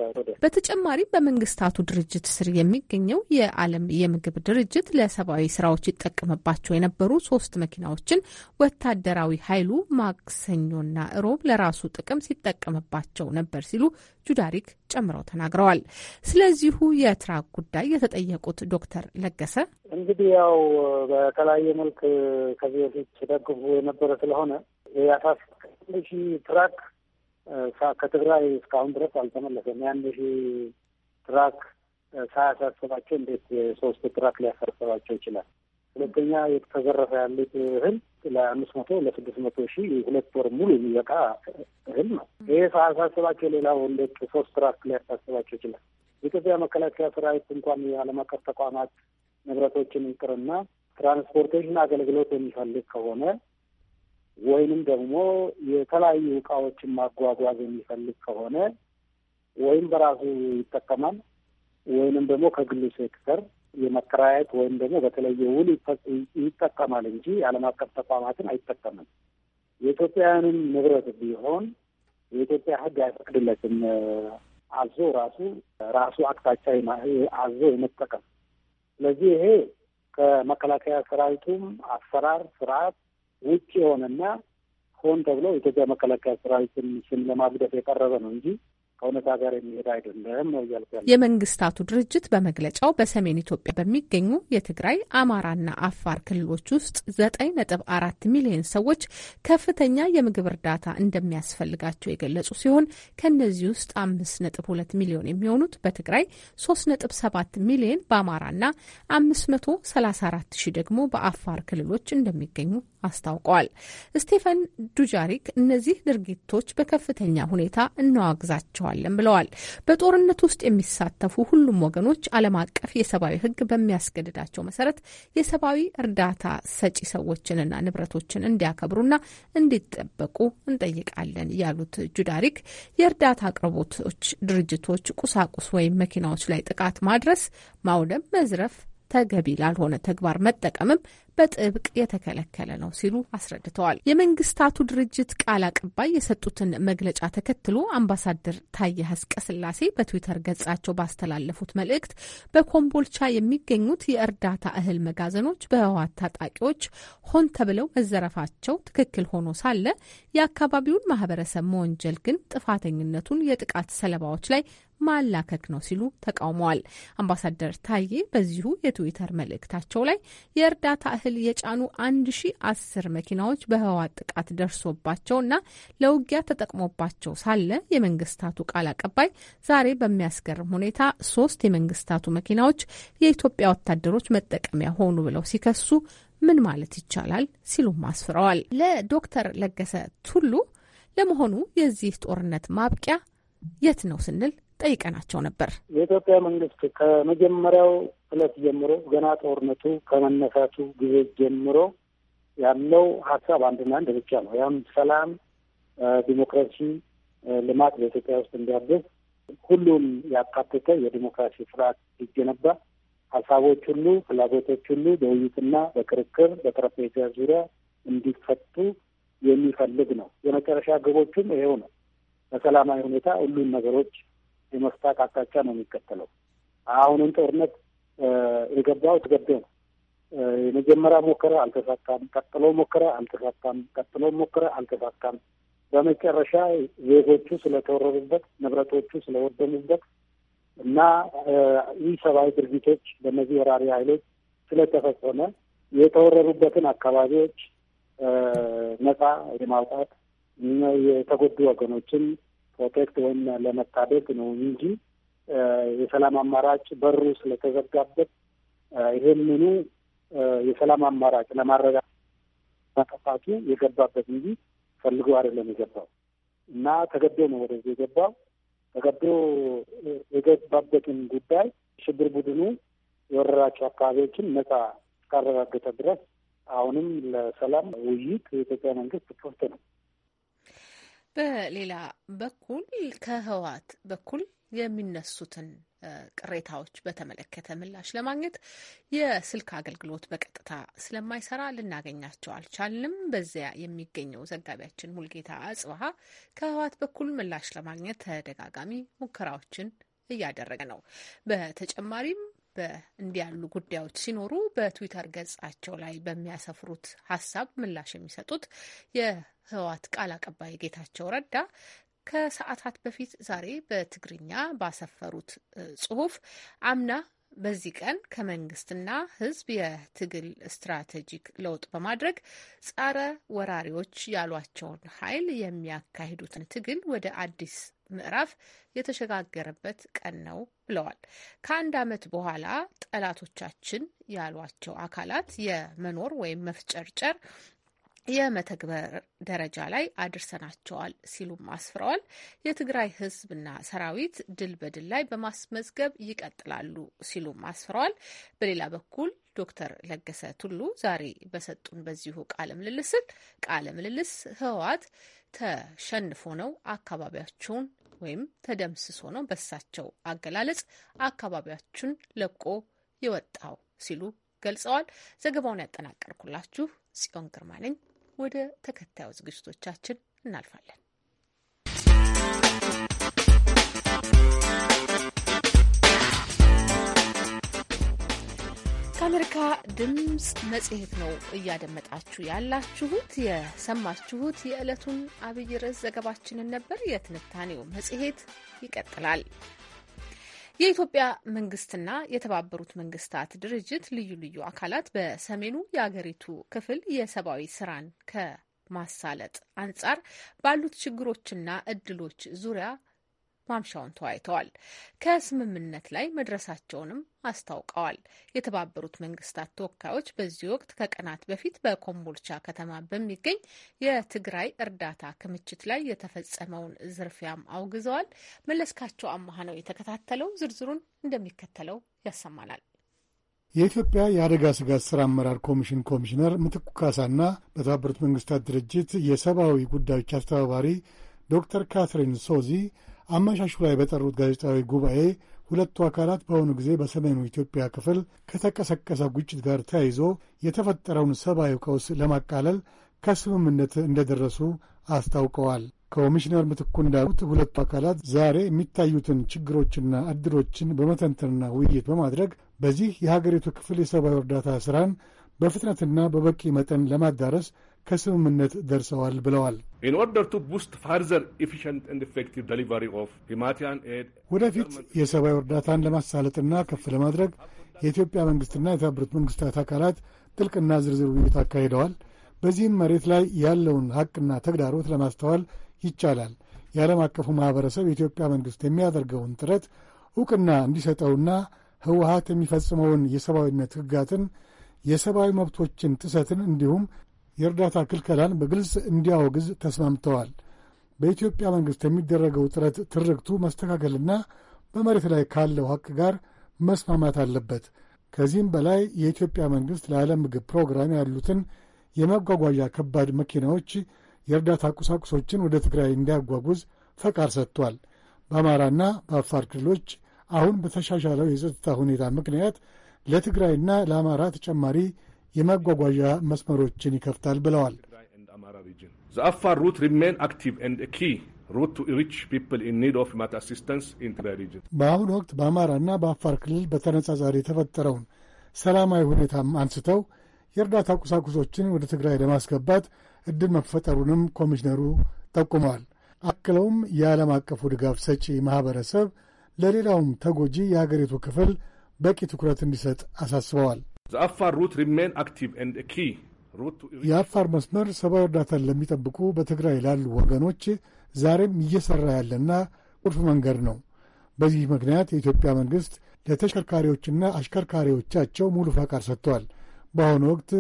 በተጨማሪም በመንግስታቱ ድርጅት ስር የሚገኘው የዓለም የምግብ ድርጅት ለሰብአዊ ስራዎች ይጠቀምባቸው የነበሩ ሶስት መኪናዎችን ወታደራዊ ኃይሉ ማክሰኞና ሮብ ለራሱ ጥቅም ሲጠቀምባቸው ነበር ሲሉ ጁዳሪክ ጨምረው ተናግረዋል። ስለዚሁ የትራክ ጉዳይ የተጠየቁት ዶክተር ለገሰ እንግዲህ ያው በተለያየ መልክ ከዚህ በፊት ደግፉ የነበረ ስለሆነ ያሳስ ትራክ ከትግራይ እስካሁን ድረስ አልተመለሰም። የአንድ ሺህ ትራክ ሳያሳስባቸው እንዴት የሶስት ትራክ ሊያሳስባቸው ይችላል? ሁለተኛ የተዘረፈ ያሉት እህል ለአምስት መቶ ለስድስት መቶ ሺህ ሁለት ወር ሙሉ የሚበቃ እህል ነው። ይሄ ሳያሳስባቸው ሌላው እንዴት ሶስት ትራክ ሊያሳስባቸው ይችላል? የኢትዮጵያ መከላከያ ሰራዊት እንኳን የዓለም አቀፍ ተቋማት ንብረቶችን ይቅርና ትራንስፖርቴሽን አገልግሎት የሚፈልግ ከሆነ ወይንም ደግሞ የተለያዩ እቃዎችን ማጓጓዝ የሚፈልግ ከሆነ ወይም በራሱ ይጠቀማል ወይንም ደግሞ ከግሉ ሴክተር የመከራየት ወይም ደግሞ በተለየ ውል ይጠቀማል እንጂ ዓለም አቀፍ ተቋማትን አይጠቀምም። የኢትዮጵያውያንን ንብረት ቢሆን የኢትዮጵያ ሕግ አይፈቅድለትም። አዞ ራሱ ራሱ አቅጣጫ አዞ የመጠቀም ስለዚህ ይሄ ከመከላከያ ሰራዊቱም አሰራር ስርዓት ውጭ የሆነና ሆን ተብሎ ኢትዮጵያ መከላከያ ሰራዊትን ስም ለማጉደፍ የቀረበ ነው እንጂ ከእውነታ ጋር የሚሄድ አይደለም ነው እያልኩ ያለ። የመንግስታቱ ድርጅት በመግለጫው በሰሜን ኢትዮጵያ በሚገኙ የትግራይ አማራና አፋር ክልሎች ውስጥ ዘጠኝ ነጥብ አራት ሚሊዮን ሰዎች ከፍተኛ የምግብ እርዳታ እንደሚያስፈልጋቸው የገለጹ ሲሆን ከእነዚህ ውስጥ አምስት ነጥብ ሁለት ሚሊዮን የሚሆኑት በትግራይ ሶስት ነጥብ ሰባት ሚሊዮን በአማራና አምስት መቶ ሰላሳ አራት ሺህ ደግሞ በአፋር ክልሎች እንደሚገኙ አስታውቀዋል። ስቴፈን ዱጃሪክ እነዚህ ድርጊቶች በከፍተኛ ሁኔታ እናዋግዛቸዋለን ብለዋል። በጦርነት ውስጥ የሚሳተፉ ሁሉም ወገኖች ዓለም አቀፍ የሰብአዊ ሕግ በሚያስገድዳቸው መሰረት የሰብአዊ እርዳታ ሰጪ ሰዎችንና ንብረቶችን እንዲያከብሩና እንዲጠበቁ እንጠይቃለን ያሉት ጁዳሪክ የእርዳታ አቅርቦቶች ድርጅቶች ቁሳቁስ ወይም መኪናዎች ላይ ጥቃት ማድረስ፣ ማውደም፣ መዝረፍ ተገቢ ላልሆነ ተግባር መጠቀምም በጥብቅ የተከለከለ ነው ሲሉ አስረድተዋል። የመንግስታቱ ድርጅት ቃል አቀባይ የሰጡትን መግለጫ ተከትሎ አምባሳደር ታየ አስቀስላሴ በትዊተር ገጻቸው ባስተላለፉት መልእክት በኮምቦልቻ የሚገኙት የእርዳታ እህል መጋዘኖች በህወሓት ታጣቂዎች ሆን ተብለው መዘረፋቸው ትክክል ሆኖ ሳለ የአካባቢውን ማህበረሰብ መወንጀል ግን ጥፋተኝነቱን የጥቃት ሰለባዎች ላይ ማላከክ ነው ሲሉ ተቃውመዋል። አምባሳደር ታዬ በዚሁ የትዊተር መልእክታቸው ላይ የእርዳታ እህል የጫኑ አንድ ሺ አስር መኪናዎች በህዋ ጥቃት ደርሶባቸውና ለውጊያ ተጠቅሞባቸው ሳለ የመንግስታቱ ቃል አቀባይ ዛሬ በሚያስገርም ሁኔታ ሶስት የመንግስታቱ መኪናዎች የኢትዮጵያ ወታደሮች መጠቀሚያ ሆኑ ብለው ሲከሱ ምን ማለት ይቻላል ሲሉም አስፍረዋል። ለዶክተር ለገሰ ቱሉ ለመሆኑ የዚህ ጦርነት ማብቂያ የት ነው ስንል ጠይቀናቸው ነበር። የኢትዮጵያ መንግስት ከመጀመሪያው እለት ጀምሮ ገና ጦርነቱ ከመነሳቱ ጊዜ ጀምሮ ያለው ሀሳብ አንድና አንድ ብቻ ነው። ያም ሰላም፣ ዲሞክራሲ፣ ልማት በኢትዮጵያ ውስጥ እንዲያብብ ሁሉም ያካተተ የዲሞክራሲ ስርዓት ይገነባ፣ ሀሳቦች ሁሉ፣ ፍላጎቶች ሁሉ በውይይትና በክርክር በጠረጴዛ ዙሪያ እንዲፈቱ የሚፈልግ ነው። የመጨረሻ ግቦቹም ይሄው ነው። በሰላማዊ ሁኔታ ሁሉም ነገሮች የመፍታት አቅጣጫ ነው የሚከተለው። አሁንም ጦርነት የገባው ተገዶ ነው። የመጀመሪያ ሞከረ አልተሳካም፣ ቀጥሎ ሞከረ አልተሳካም፣ ቀጥሎ ሞከረ አልተሳካም። በመጨረሻ ዜጎቹ ስለተወረሩበት፣ ንብረቶቹ ስለወደሙበት እና ይህ ሰብአዊ ድርጊቶች በእነዚህ ወራሪ ኃይሎች ስለተፈጸመ የተወረሩበትን አካባቢዎች ነፃ የማውጣት የተጎዱ ወገኖችን ፕሮቴክት ወይም ለመታደግ ነው እንጂ የሰላም አማራጭ በሩ ስለተዘጋበት ይሄንኑ የሰላም አማራጭ ለማረጋ መጠፋቱ የገባበት እንጂ ፈልጎ አይደለም የገባው እና ተገዶ ነው ወደዚህ የገባው። ተገዶ የገባበትን ጉዳይ ሽብር ቡድኑ የወረራቸው አካባቢዎችን ነጻ እስካረጋገጠ ድረስ አሁንም ለሰላም ውይይት የኢትዮጵያ መንግስት ክፍት ነው። በሌላ በኩል ከህወሓት በኩል የሚነሱትን ቅሬታዎች በተመለከተ ምላሽ ለማግኘት የስልክ አገልግሎት በቀጥታ ስለማይሰራ ልናገኛቸው አልቻልንም። በዚያ የሚገኘው ዘጋቢያችን ሙልጌታ አጽብሃ ከህወሓት በኩል ምላሽ ለማግኘት ተደጋጋሚ ሙከራዎችን እያደረገ ነው። በተጨማሪም በእንዲህ ያሉ ጉዳዮች ሲኖሩ በትዊተር ገጻቸው ላይ በሚያሰፍሩት ሀሳብ ምላሽ የሚሰጡት ህወሓት ቃል አቀባይ ጌታቸው ረዳ ከሰዓታት በፊት ዛሬ በትግርኛ ባሰፈሩት ጽሁፍ አምና በዚህ ቀን ከመንግስትና ህዝብ የትግል ስትራቴጂክ ለውጥ በማድረግ ጸረ ወራሪዎች ያሏቸውን ኃይል የሚያካሂዱትን ትግል ወደ አዲስ ምዕራፍ የተሸጋገረበት ቀን ነው ብለዋል። ከአንድ ዓመት በኋላ ጠላቶቻችን ያሏቸው አካላት የመኖር ወይም መፍጨርጨር የመተግበር ደረጃ ላይ አድርሰናቸዋል ሲሉም አስፍረዋል። የትግራይ ህዝብና ሰራዊት ድል በድል ላይ በማስመዝገብ ይቀጥላሉ ሲሉም አስፍረዋል። በሌላ በኩል ዶክተር ለገሰ ቱሉ ዛሬ በሰጡን በዚሁ ቃለ ምልልስን ቃለ ምልልስ ህወሓት ተሸንፎ ነው አካባቢያቸውን ወይም ተደምስሶ ነው በሳቸው አገላለጽ አካባቢያችን ለቆ የወጣው ሲሉ ገልጸዋል። ዘገባውን ያጠናቀርኩላችሁ ጽዮን ግርማ ነኝ። ወደ ተከታዩ ዝግጅቶቻችን እናልፋለን። ከአሜሪካ ድምፅ መጽሔት ነው እያደመጣችሁ ያላችሁት። የሰማችሁት የዕለቱን አብይ ርዕስ ዘገባችንን ነበር። የትንታኔው መጽሔት ይቀጥላል። የኢትዮጵያ መንግስትና የተባበሩት መንግስታት ድርጅት ልዩ ልዩ አካላት በሰሜኑ የአገሪቱ ክፍል የሰብአዊ ስራን ከማሳለጥ አንጻር ባሉት ችግሮችና እድሎች ዙሪያ ማምሻውን ተወያይተዋል። ከስምምነት ላይ መድረሳቸውንም አስታውቀዋል። የተባበሩት መንግስታት ተወካዮች በዚህ ወቅት ከቀናት በፊት በኮምቦልቻ ከተማ በሚገኝ የትግራይ እርዳታ ክምችት ላይ የተፈጸመውን ዝርፊያም አውግዘዋል። መለስካቸው አማሃ ነው የተከታተለው። ዝርዝሩን እንደሚከተለው ያሰማናል። የኢትዮጵያ የአደጋ ስጋት ሥራ አመራር ኮሚሽን ኮሚሽነር ምትኩ ካሳና በተባበሩት መንግስታት ድርጅት የሰብአዊ ጉዳዮች አስተባባሪ ዶክተር ካትሪን ሶዚ አመሻሹ ላይ በጠሩት ጋዜጣዊ ጉባኤ ሁለቱ አካላት በአሁኑ ጊዜ በሰሜኑ ኢትዮጵያ ክፍል ከተቀሰቀሰ ግጭት ጋር ተያይዞ የተፈጠረውን ሰብአዊ ቀውስ ለማቃለል ከስምምነት እንደደረሱ አስታውቀዋል። ኮሚሽነር ምትኩ እንዳሉት ሁለቱ አካላት ዛሬ የሚታዩትን ችግሮችና እድሎችን በመተንተንና ውይይት በማድረግ በዚህ የሀገሪቱ ክፍል የሰብአዊ እርዳታ ስራን ። በፍጥነትና በበቂ መጠን ለማዳረስ ከስምምነት ደርሰዋል ብለዋል። ወደፊት የሰብአዊ እርዳታን ለማሳለጥና ከፍ ለማድረግ የኢትዮጵያ መንግስትና የተባበሩት መንግስታት አካላት ጥልቅና ዝርዝር ውይይት አካሂደዋል። በዚህም መሬት ላይ ያለውን ሐቅና ተግዳሮት ለማስተዋል ይቻላል። የዓለም አቀፉ ማኅበረሰብ የኢትዮጵያ መንግሥት የሚያደርገውን ጥረት ዕውቅና እንዲሰጠውና ህወሀት የሚፈጽመውን የሰብአዊነት ሕጋትን የሰብአዊ መብቶችን ጥሰትን እንዲሁም የእርዳታ ክልከላን በግልጽ እንዲያወግዝ ተስማምተዋል። በኢትዮጵያ መንግሥት የሚደረገው ጥረት ትርክቱ መስተካከልና በመሬት ላይ ካለው ሐቅ ጋር መስማማት አለበት። ከዚህም በላይ የኢትዮጵያ መንግሥት ለዓለም ምግብ ፕሮግራም ያሉትን የመጓጓዣ ከባድ መኪናዎች የእርዳታ ቁሳቁሶችን ወደ ትግራይ እንዲያጓጉዝ ፈቃድ ሰጥቷል። በአማራና በአፋር ክልሎች አሁን በተሻሻለው የጸጥታ ሁኔታ ምክንያት ለትግራይና ለአማራ ተጨማሪ የማጓጓዣ መስመሮችን ይከፍታል ብለዋል። አፋር ሩት ሪሜን አክቲቭ ኤንድ ኪ በአሁኑ ወቅት በአማራና በአፋር ክልል በተነጻጻሪ የተፈጠረውን ሰላማዊ ሁኔታም አንስተው የእርዳታ ቁሳቁሶችን ወደ ትግራይ ለማስገባት እድል መፈጠሩንም ኮሚሽነሩ ጠቁመዋል። አክለውም የዓለም አቀፉ ድጋፍ ሰጪ ማኅበረሰብ ለሌላውም ተጎጂ የአገሪቱ ክፍል በቂ ትኩረት እንዲሰጥ አሳስበዋል። ኪ የአፋር መስመር ሰብአዊ እርዳታን ለሚጠብቁ በትግራይ ላሉ ወገኖች ዛሬም እየሠራ ያለና ቁልፍ መንገድ ነው። በዚህ ምክንያት የኢትዮጵያ መንግሥት ለተሽከርካሪዎችና አሽከርካሪዎቻቸው ሙሉ ፈቃድ ሰጥቷል። በአሁኑ ወቅት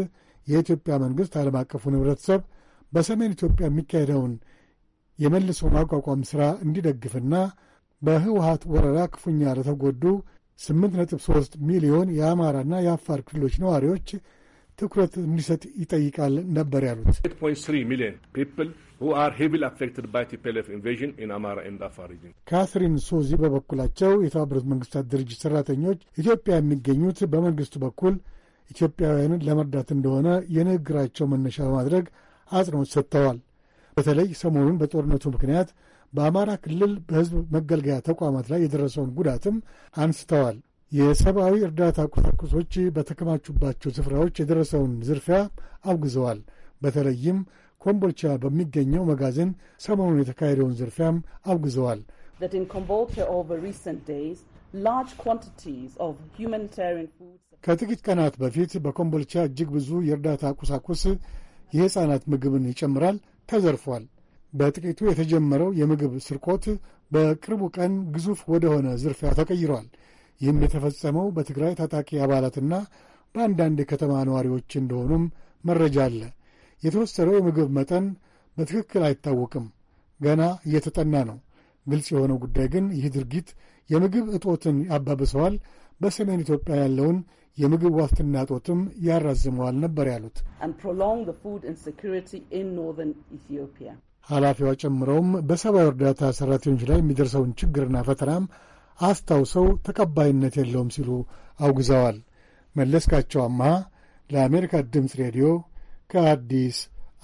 የኢትዮጵያ መንግሥት ዓለም አቀፉን ኅብረተሰብ በሰሜን ኢትዮጵያ የሚካሄደውን የመልሶ ማቋቋም ሥራ እንዲደግፍና በህወሀት ወረራ ክፉኛ ለተጎዱ 8.3 ሚሊዮን የአማራና የአፋር ክልሎች ነዋሪዎች ትኩረት እንዲሰጥ ይጠይቃል ነበር ያሉት። ካትሪን ሶዚ በበኩላቸው የተባበሩት መንግስታት ድርጅት ሠራተኞች ኢትዮጵያ የሚገኙት በመንግስቱ በኩል ኢትዮጵያውያንን ለመርዳት እንደሆነ የንግግራቸው መነሻ በማድረግ አጽንኦት ሰጥተዋል። በተለይ ሰሞኑን በጦርነቱ ምክንያት በአማራ ክልል በሕዝብ መገልገያ ተቋማት ላይ የደረሰውን ጉዳትም አንስተዋል። የሰብአዊ እርዳታ ቁሳቁሶች በተከማቹባቸው ስፍራዎች የደረሰውን ዝርፊያ አውግዘዋል። በተለይም ኮምቦልቻ በሚገኘው መጋዘን ሰሞኑን የተካሄደውን ዝርፊያም አውግዘዋል። ከጥቂት ቀናት በፊት በኮምቦልቻ እጅግ ብዙ የእርዳታ ቁሳቁስ የሕፃናት ምግብን ይጨምራል ተዘርፏል። በጥቂቱ የተጀመረው የምግብ ስርቆት በቅርቡ ቀን ግዙፍ ወደሆነ ዝርፊያ ተቀይሯል። ይህም የተፈጸመው በትግራይ ታጣቂ አባላትና በአንዳንድ የከተማ ነዋሪዎች እንደሆኑም መረጃ አለ። የተወሰደው የምግብ መጠን በትክክል አይታወቅም፣ ገና እየተጠና ነው። ግልጽ የሆነው ጉዳይ ግን ይህ ድርጊት የምግብ እጦትን ያባብሰዋል፣ በሰሜን ኢትዮጵያ ያለውን የምግብ ዋስትና እጦትም ያራዝመዋል ነበር ያሉት። ኃላፊዋ ጨምረውም በሰብአዊ እርዳታ ሠራተኞች ላይ የሚደርሰውን ችግርና ፈተናም አስታውሰው ተቀባይነት የለውም ሲሉ አውግዘዋል። መለስካቸው አማሃ ለአሜሪካ ድምፅ ሬዲዮ ከአዲስ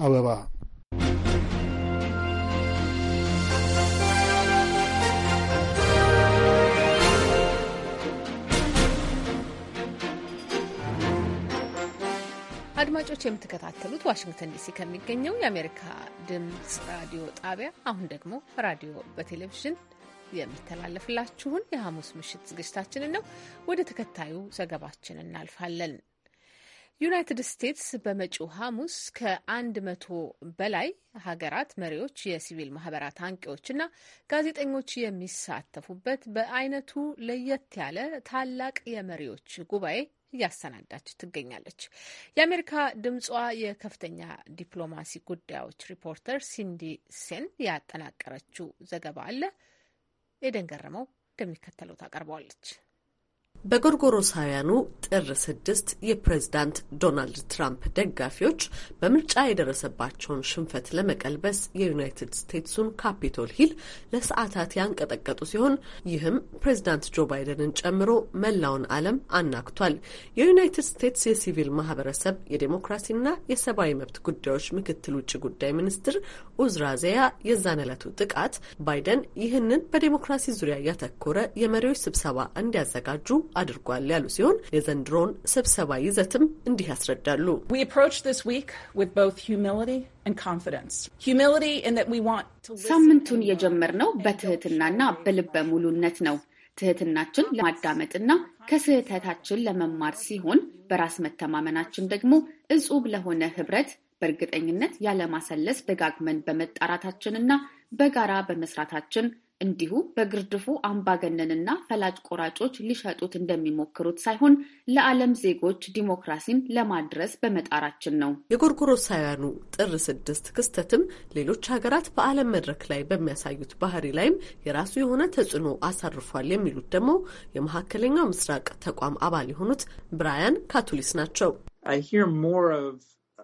አበባ አድማጮች የምትከታተሉት ዋሽንግተን ዲሲ ከሚገኘው የአሜሪካ ድምፅ ራዲዮ ጣቢያ አሁን ደግሞ ራዲዮ በቴሌቪዥን የሚተላለፍላችሁን የሐሙስ ምሽት ዝግጅታችንን ነው። ወደ ተከታዩ ዘገባችን እናልፋለን። ዩናይትድ ስቴትስ በመጪው ሐሙስ ከአንድ መቶ በላይ ሀገራት መሪዎች፣ የሲቪል ማህበራት አንቂዎችና ጋዜጠኞች የሚሳተፉበት በአይነቱ ለየት ያለ ታላቅ የመሪዎች ጉባኤ እያሰናዳች ትገኛለች። የአሜሪካ ድምጿ የከፍተኛ ዲፕሎማሲ ጉዳዮች ሪፖርተር ሲንዲ ሴን ያጠናቀረችው ዘገባ አለ። ኤደን ገረመው እንደሚከተለው ታቀርበዋለች። በጎርጎሮሳውያኑ ጥር ስድስት የፕሬዝዳንት ዶናልድ ትራምፕ ደጋፊዎች በምርጫ የደረሰባቸውን ሽንፈት ለመቀልበስ የዩናይትድ ስቴትሱን ካፒቶል ሂል ለሰዓታት ያንቀጠቀጡ ሲሆን ይህም ፕሬዝዳንት ጆ ባይደንን ጨምሮ መላውን ዓለም አናግቷል። የዩናይትድ ስቴትስ የሲቪል ማህበረሰብ የዴሞክራሲና የሰብአዊ መብት ጉዳዮች ምክትል ውጭ ጉዳይ ሚኒስትር ኡዝራ ዜያ የዛን ዕለቱ ጥቃት ባይደን ይህንን በዴሞክራሲ ዙሪያ ያተኮረ የመሪዎች ስብሰባ እንዲያዘጋጁ አድርጓል ያሉ ሲሆን የዘንድሮውን ስብሰባ ይዘትም እንዲህ ያስረዳሉ። ሳምንቱን የጀመርነው በትህትናና በልበ ሙሉነት ነው። ትህትናችን ለማዳመጥና ከስህተታችን ለመማር ሲሆን በራስ መተማመናችን ደግሞ እጹብ ለሆነ ህብረት በእርግጠኝነት ያለማሰለስ ደጋግመን በመጣራታችንና በጋራ በመስራታችን እንዲሁ በግርድፉ አምባገነንና ፈላጭ ቆራጮች ሊሸጡት እንደሚሞክሩት ሳይሆን ለዓለም ዜጎች ዲሞክራሲን ለማድረስ በመጣራችን ነው። የጎርጎሮሳውያኑ ጥር ስድስት ክስተትም ሌሎች ሀገራት በዓለም መድረክ ላይ በሚያሳዩት ባህሪ ላይም የራሱ የሆነ ተጽዕኖ አሳርፏል የሚሉት ደግሞ የመካከለኛው ምስራቅ ተቋም አባል የሆኑት ብራያን ካቱሊስ ናቸው። I hear more of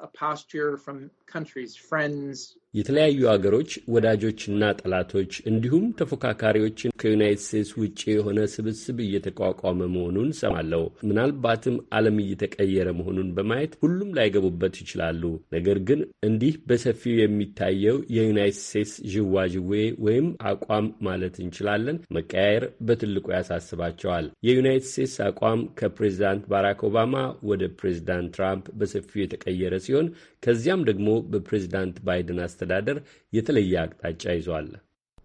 a posture from countries, friends, የተለያዩ አገሮች ወዳጆችና ጠላቶች እንዲሁም ተፎካካሪዎችን ከዩናይት ስቴትስ ውጭ የሆነ ስብስብ እየተቋቋመ መሆኑን ሰማለሁ። ምናልባትም ዓለም እየተቀየረ መሆኑን በማየት ሁሉም ላይገቡበት ይችላሉ። ነገር ግን እንዲህ በሰፊው የሚታየው የዩናይት ስቴትስ ዥዋዥዌ ወይም አቋም ማለት እንችላለን መቀያየር በትልቁ ያሳስባቸዋል። የዩናይት ስቴትስ አቋም ከፕሬዚዳንት ባራክ ኦባማ ወደ ፕሬዚዳንት ትራምፕ በሰፊው የተቀየረ ሲሆን ከዚያም ደግሞ በፕሬዚዳንት ባይደን አስተዳደር የተለየ አቅጣጫ ይዟል።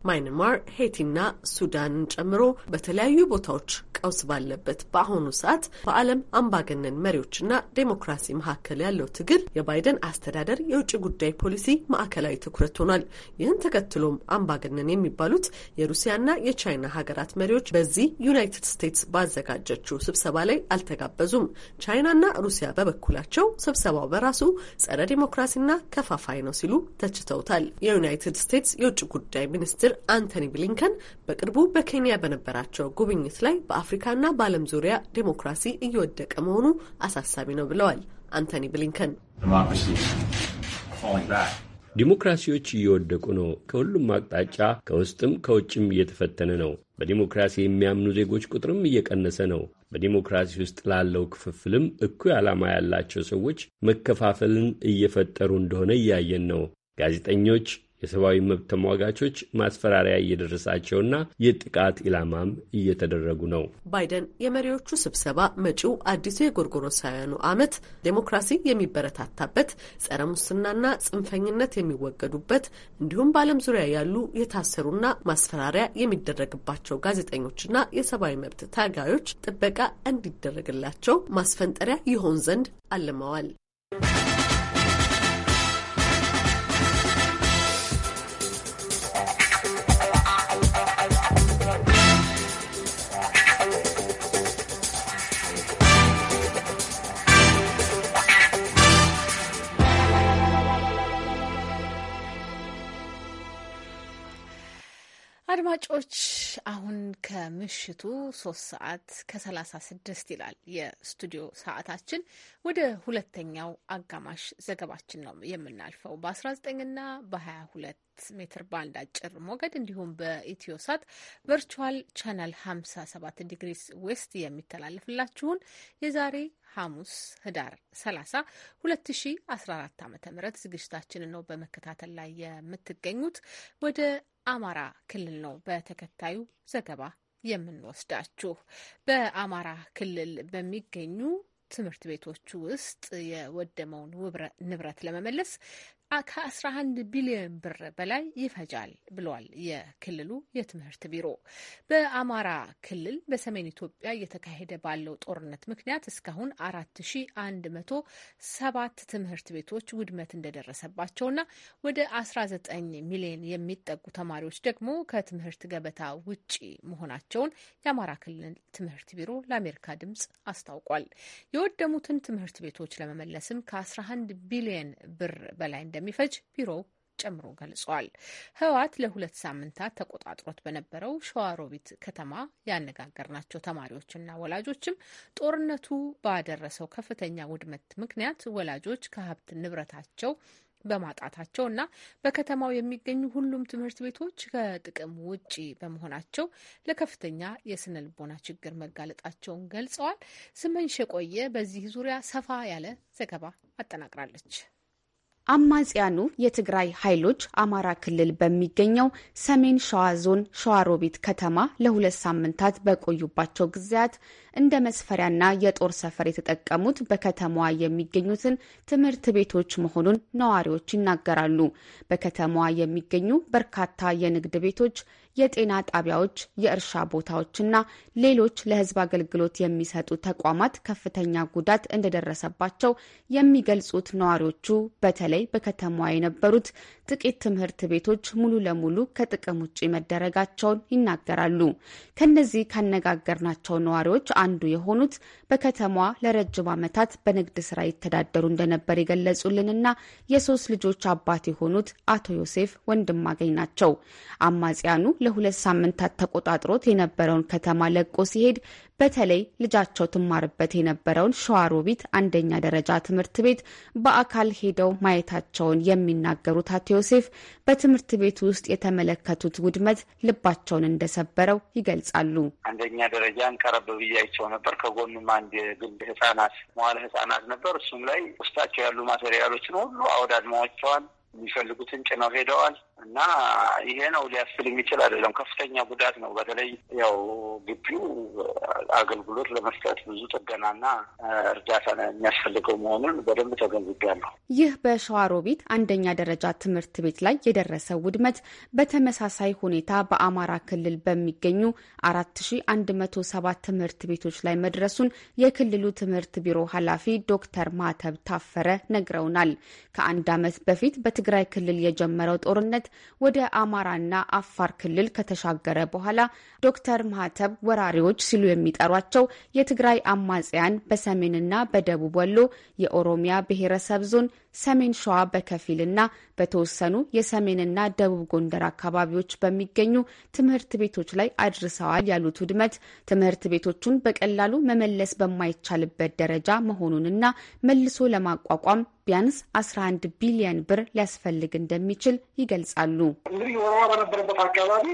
ማይንማር፣ ሄቲና ሱዳንን ጨምሮ በተለያዩ ቦታዎች ቀውስ ባለበት በአሁኑ ሰዓት በዓለም አምባገነን መሪዎችና ዴሞክራሲ መካከል ያለው ትግል የባይደን አስተዳደር የውጭ ጉዳይ ፖሊሲ ማዕከላዊ ትኩረት ሆኗል። ይህን ተከትሎም አምባገነን የሚባሉት የሩሲያና የቻይና ሀገራት መሪዎች በዚህ ዩናይትድ ስቴትስ ባዘጋጀችው ስብሰባ ላይ አልተጋበዙም። ቻይናና ሩሲያ በበኩላቸው ስብሰባው በራሱ ጸረ ዴሞክራሲና ከፋፋይ ነው ሲሉ ተችተውታል። የዩናይትድ ስቴትስ የውጭ ጉዳይ ሚኒስትር ሚኒስትር አንቶኒ ብሊንከን በቅርቡ በኬንያ በነበራቸው ጉብኝት ላይ በአፍሪካና በዓለም ዙሪያ ዴሞክራሲ እየወደቀ መሆኑ አሳሳቢ ነው ብለዋል። አንቶኒ ብሊንከን ዲሞክራሲዎች እየወደቁ ነው። ከሁሉም አቅጣጫ ከውስጥም ከውጭም እየተፈተነ ነው። በዲሞክራሲ የሚያምኑ ዜጎች ቁጥርም እየቀነሰ ነው። በዲሞክራሲ ውስጥ ላለው ክፍፍልም እኩይ ዓላማ ያላቸው ሰዎች መከፋፈልን እየፈጠሩ እንደሆነ እያየን ነው። ጋዜጠኞች፣ የሰብአዊ መብት ተሟጋቾች ማስፈራሪያ እየደረሳቸውና የጥቃት ኢላማም እየተደረጉ ነው። ባይደን የመሪዎቹ ስብሰባ መጪው አዲሱ የጎርጎሮሳውያኑ ዓመት ዴሞክራሲ የሚበረታታበት፣ ጸረ ሙስናና ጽንፈኝነት የሚወገዱበት እንዲሁም በዓለም ዙሪያ ያሉ የታሰሩና ማስፈራሪያ የሚደረግባቸው ጋዜጠኞችና የሰብአዊ መብት ታጋዮች ጥበቃ እንዲደረግላቸው ማስፈንጠሪያ ይሆን ዘንድ አልመዋል። አድማጮች አሁን ከምሽቱ ሶስት ሰዓት ከሰላሳ ስድስት ይላል የስቱዲዮ ሰዓታችን። ወደ ሁለተኛው አጋማሽ ዘገባችን ነው የምናልፈው። በ19ና በ22 ሜትር ባንድ አጭር ሞገድ እንዲሁም በኢትዮ ሳት ቨርቹዋል ቻናል 57 ዲግሪስ ዌስት የሚተላለፍላችሁን የዛሬ ሐሙስ ህዳር 30 2014 ዓ ም ዝግጅታችንን ነው በመከታተል ላይ የምትገኙት። ወደ አማራ ክልል ነው በተከታዩ ዘገባ የምንወስዳችሁ። በአማራ ክልል በሚገኙ ትምህርት ቤቶች ውስጥ የወደመውን ንብረት ለመመለስ ከ11 ቢሊዮን ብር በላይ ይፈጃል ብሏል የክልሉ የትምህርት ቢሮ። በአማራ ክልል በሰሜን ኢትዮጵያ እየተካሄደ ባለው ጦርነት ምክንያት እስካሁን 4107 ትምህርት ቤቶች ውድመት እንደደረሰባቸውና ወደ 19 ሚሊዮን የሚጠጉ ተማሪዎች ደግሞ ከትምህርት ገበታ ውጪ መሆናቸውን የአማራ ክልል ትምህርት ቢሮ ለአሜሪካ ድምጽ አስታውቋል። የወደሙትን ትምህርት ቤቶች ለመመለስም ከ11 ቢሊዮን ብር በላይ እንደሚፈጅ ቢሮው ጨምሮ ገልጿል። ህወሓት ለሁለት ሳምንታት ተቆጣጥሮት በነበረው ሸዋሮቢት ከተማ ያነጋገርናቸው ተማሪዎችና ወላጆችም ጦርነቱ ባደረሰው ከፍተኛ ውድመት ምክንያት ወላጆች ከሀብት ንብረታቸው በማጣታቸው እና በከተማው የሚገኙ ሁሉም ትምህርት ቤቶች ከጥቅም ውጪ በመሆናቸው ለከፍተኛ የስነ ልቦና ችግር መጋለጣቸውን ገልጸዋል። ስመኝሽ የቆየ በዚህ ዙሪያ ሰፋ ያለ ዘገባ አጠናቅራለች። አማጽያኑ የትግራይ ኃይሎች አማራ ክልል በሚገኘው ሰሜን ሸዋ ዞን ሸዋሮቢት ከተማ ለሁለት ሳምንታት በቆዩባቸው ጊዜያት እንደ መስፈሪያና የጦር ሰፈር የተጠቀሙት በከተማዋ የሚገኙትን ትምህርት ቤቶች መሆኑን ነዋሪዎች ይናገራሉ። በከተማዋ የሚገኙ በርካታ የንግድ ቤቶች የጤና ጣቢያዎች፣ የእርሻ ቦታዎችና ሌሎች ለህዝብ አገልግሎት የሚሰጡ ተቋማት ከፍተኛ ጉዳት እንደደረሰባቸው የሚገልጹት ነዋሪዎቹ በተለይ በከተማዋ የነበሩት ጥቂት ትምህርት ቤቶች ሙሉ ለሙሉ ከጥቅም ውጭ መደረጋቸውን ይናገራሉ። ከነዚህ ካነጋገርናቸው ነዋሪዎች አንዱ የሆኑት በከተማዋ ለረጅም ዓመታት በንግድ ስራ ይተዳደሩ እንደነበር የገለጹልንና የሶስት ልጆች አባት የሆኑት አቶ ዮሴፍ ወንድማገኝ ናቸው። አማጽያኑ ለሁለት ሳምንታት ተቆጣጥሮት የነበረውን ከተማ ለቆ ሲሄድ በተለይ ልጃቸው ትማርበት የነበረውን ሸዋሮቢት አንደኛ ደረጃ ትምህርት ቤት በአካል ሄደው ማየታቸውን የሚናገሩት አቶ ዮሴፍ በትምህርት ቤት ውስጥ የተመለከቱት ውድመት ልባቸውን እንደሰበረው ይገልጻሉ። አንደኛ ደረጃን ቀረብ ብያቸው ነበር። ከጎኑም አንድ ግል ህጻናት መዋለ ህጻናት ነበር። እሱም ላይ ውስጣቸው ያሉ ማቴሪያሎችን ሁሉ አወዳድመዋቸዋል። የሚፈልጉትን ጭነው ሄደዋል። እና ይሄ ነው ሊያስችል የሚችል አይደለም። ከፍተኛ ጉዳት ነው። በተለይ ያው ግቢው አገልግሎት ለመስጠት ብዙ ጥገናና እርዳታ የሚያስፈልገው መሆኑን በደንብ ተገንዝቤያለሁ። ይህ በሸዋሮቢት አንደኛ ደረጃ ትምህርት ቤት ላይ የደረሰ ውድመት በተመሳሳይ ሁኔታ በአማራ ክልል በሚገኙ አራት ሺ አንድ መቶ ሰባት ትምህርት ቤቶች ላይ መድረሱን የክልሉ ትምህርት ቢሮ ኃላፊ ዶክተር ማተብ ታፈረ ነግረውናል። ከአንድ ዓመት በፊት በትግራይ ክልል የጀመረው ጦርነት ወደ አማራና አፋር ክልል ከተሻገረ በኋላ ዶክተር ማህተብ ወራሪዎች ሲሉ የሚጠሯቸው የትግራይ አማጽያን በሰሜንና በደቡብ ወሎ፣ የኦሮሚያ ብሔረሰብ ዞን፣ ሰሜን ሸዋ በከፊልና በተወሰኑ የሰሜንና ደቡብ ጎንደር አካባቢዎች በሚገኙ ትምህርት ቤቶች ላይ አድርሰዋል ያሉት ውድመት ትምህርት ቤቶቹን በቀላሉ መመለስ በማይቻልበት ደረጃ መሆኑንና መልሶ ለማቋቋም ቢያንስ 11 ቢሊዮን ብር ሊያስፈልግ እንደሚችል ይገልጻሉ። እንግዲህ ወረዋ በነበረበት አካባቢ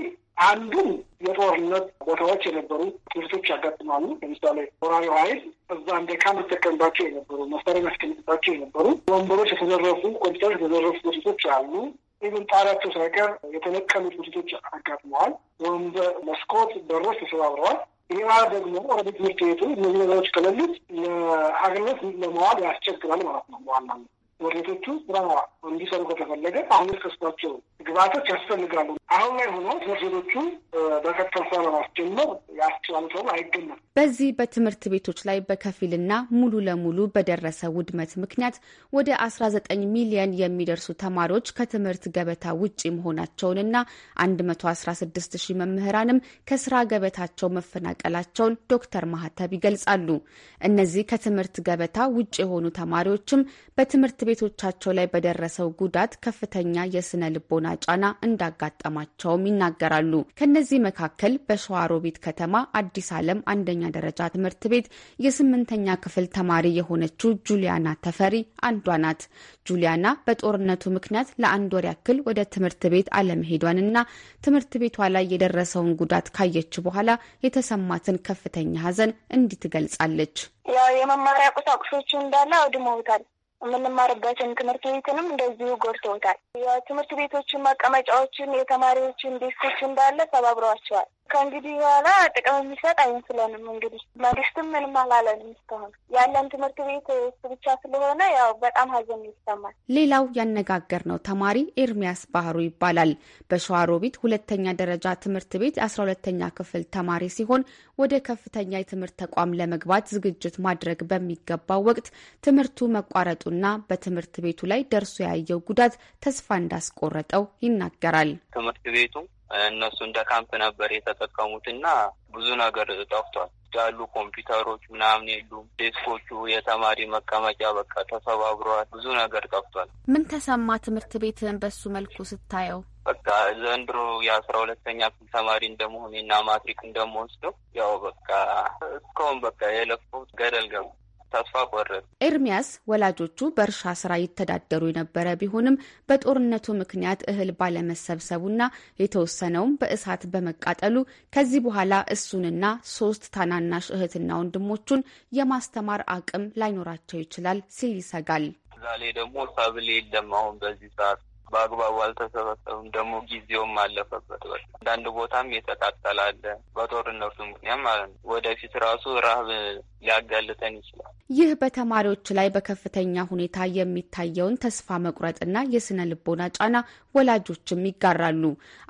አንዱ የጦርነት ቦታዎች የነበሩ ምርቶች ያጋጥማሉ። ለምሳሌ ወራሪ ኃይል እዛ እንደ ካምፕ ይጠቀምባቸው የነበሩ መሳሪያ ያስቀምጥባቸው የነበሩ ወንበሮች የተዘረፉ፣ ኮምፒውተሮች የተዘረፉ ድርጅቶች አሉ። ኢቭን ጣሪያቸው ሳይቀር የተነቀሉ ድርጅቶች አጋጥመዋል። ወንበ መስኮት፣ በሮች ተሰባብረዋል። ይህ ማለት ደግሞ ወደ ትምህርት ቤቱ እነዚህ ነገሮች ከሌሉት ለአገልግሎት ለመዋል ያስቸግራል ማለት ነው በዋናነት ወደቶቹ ስራ እንዲሰሩ ከተፈለገ አሁን የጠቀስኳቸው ግብዓቶች ያስፈልጋሉ። አሁን ላይ ሆኖ ትምህርት ቤቶቹ በቀጥታ ስራ ለማስጀመር ያስችላሉ ተብሎ አይገመትም። በዚህ በትምህርት ቤቶች ላይ በከፊልና ሙሉ ለሙሉ በደረሰ ውድመት ምክንያት ወደ አስራ ዘጠኝ ሚሊየን የሚደርሱ ተማሪዎች ከትምህርት ገበታ ውጪ መሆናቸውንና አንድ መቶ አስራ ስድስት ሺህ መምህራንም ከስራ ገበታቸው መፈናቀላቸውን ዶክተር ማህተብ ይገልጻሉ። እነዚህ ከትምህርት ገበታ ውጭ የሆኑ ተማሪዎችም በትምህርት ቤቶቻቸው ላይ በደረሰው ጉዳት ከፍተኛ የስነ ልቦና ጫና እንዳጋጠማቸውም ይናገራሉ። ከነዚህ መካከል በሸዋሮቢት ከተማ አዲስ ዓለም አንደኛ ደረጃ ትምህርት ቤት የስምንተኛ ክፍል ተማሪ የሆነችው ጁሊያና ተፈሪ አንዷ ናት። ጁሊያና በጦርነቱ ምክንያት ለአንድ ወር ያክል ወደ ትምህርት ቤት አለመሄዷንና ትምህርት ቤቷ ላይ የደረሰውን ጉዳት ካየች በኋላ የተሰማትን ከፍተኛ ሐዘን እንዲህ ትገልጻለች። ያው የመማሪያ ቁሳቁሶቹ እንዳለ አውድመውታል። የምንማርበትን ትምህርት ቤትንም እንደዚሁ ጎድቶታል። የትምህርት ቤቶችን መቀመጫዎችን፣ የተማሪዎችን ዴስኮች እንዳለ ሰባብረዋቸዋል። ከእንግዲህ በኋላ ጥቅም የሚሰጥ አይመስለንም። እንግዲህ መንግስትም ምንም አላለንም እስካሁን ያለን ትምህርት ቤት እሱ ብቻ ስለሆነ ያው በጣም ሀዘን ይሰማል። ሌላው ያነጋገር ነው ተማሪ ኤርሚያስ ባህሩ ይባላል። በሸዋሮቢት ሁለተኛ ደረጃ ትምህርት ቤት አስራ ሁለተኛ ክፍል ተማሪ ሲሆን ወደ ከፍተኛ የትምህርት ተቋም ለመግባት ዝግጅት ማድረግ በሚገባው ወቅት ትምህርቱ መቋረጡና በትምህርት ቤቱ ላይ ደርሶ ያየው ጉዳት ተስፋ እንዳስቆረጠው ይናገራል። ትምህርት ቤቱ እነሱ እንደ ካምፕ ነበር የተጠቀሙት እና ብዙ ነገር ጠፍቷል። ያሉ ኮምፒውተሮች ምናምን የሉም። ዴስኮቹ፣ የተማሪ መቀመጫ በቃ ተሰባብረዋል። ብዙ ነገር ጠፍቷል። ምን ተሰማ ትምህርት ቤትን በሱ መልኩ ስታየው? በቃ ዘንድሮ የአስራ ሁለተኛ ክፍል ተማሪ እንደመሆኔና ማትሪክ እንደመወስደው ያው በቃ እስካሁን በቃ የለፈው ገደል ገቡ ተስፋ ቆረጥ። ኤርሚያስ ወላጆቹ በእርሻ ስራ ይተዳደሩ የነበረ ቢሆንም በጦርነቱ ምክንያት እህል ባለመሰብሰቡና የተወሰነውም በእሳት በመቃጠሉ ከዚህ በኋላ እሱንና ሶስት ታናናሽ እህትና ወንድሞቹን የማስተማር አቅም ላይኖራቸው ይችላል ሲል ይሰጋል። ዛሬ ደግሞ ሰብል የለም። አሁን በዚህ ሰዓት በአግባቡ አልተሰበሰቡም። ደግሞ ጊዜውም አለፈበት። በቃ አንዳንድ ቦታም የተቃጠላለ በጦርነቱ ምክንያት ማለት ነው። ወደፊት ራሱ ረሀብ ሊያጋልጠን ይችላል። ይህ በተማሪዎች ላይ በከፍተኛ ሁኔታ የሚታየውን ተስፋ መቁረጥና የስነ ልቦና ጫና ወላጆችም ይጋራሉ።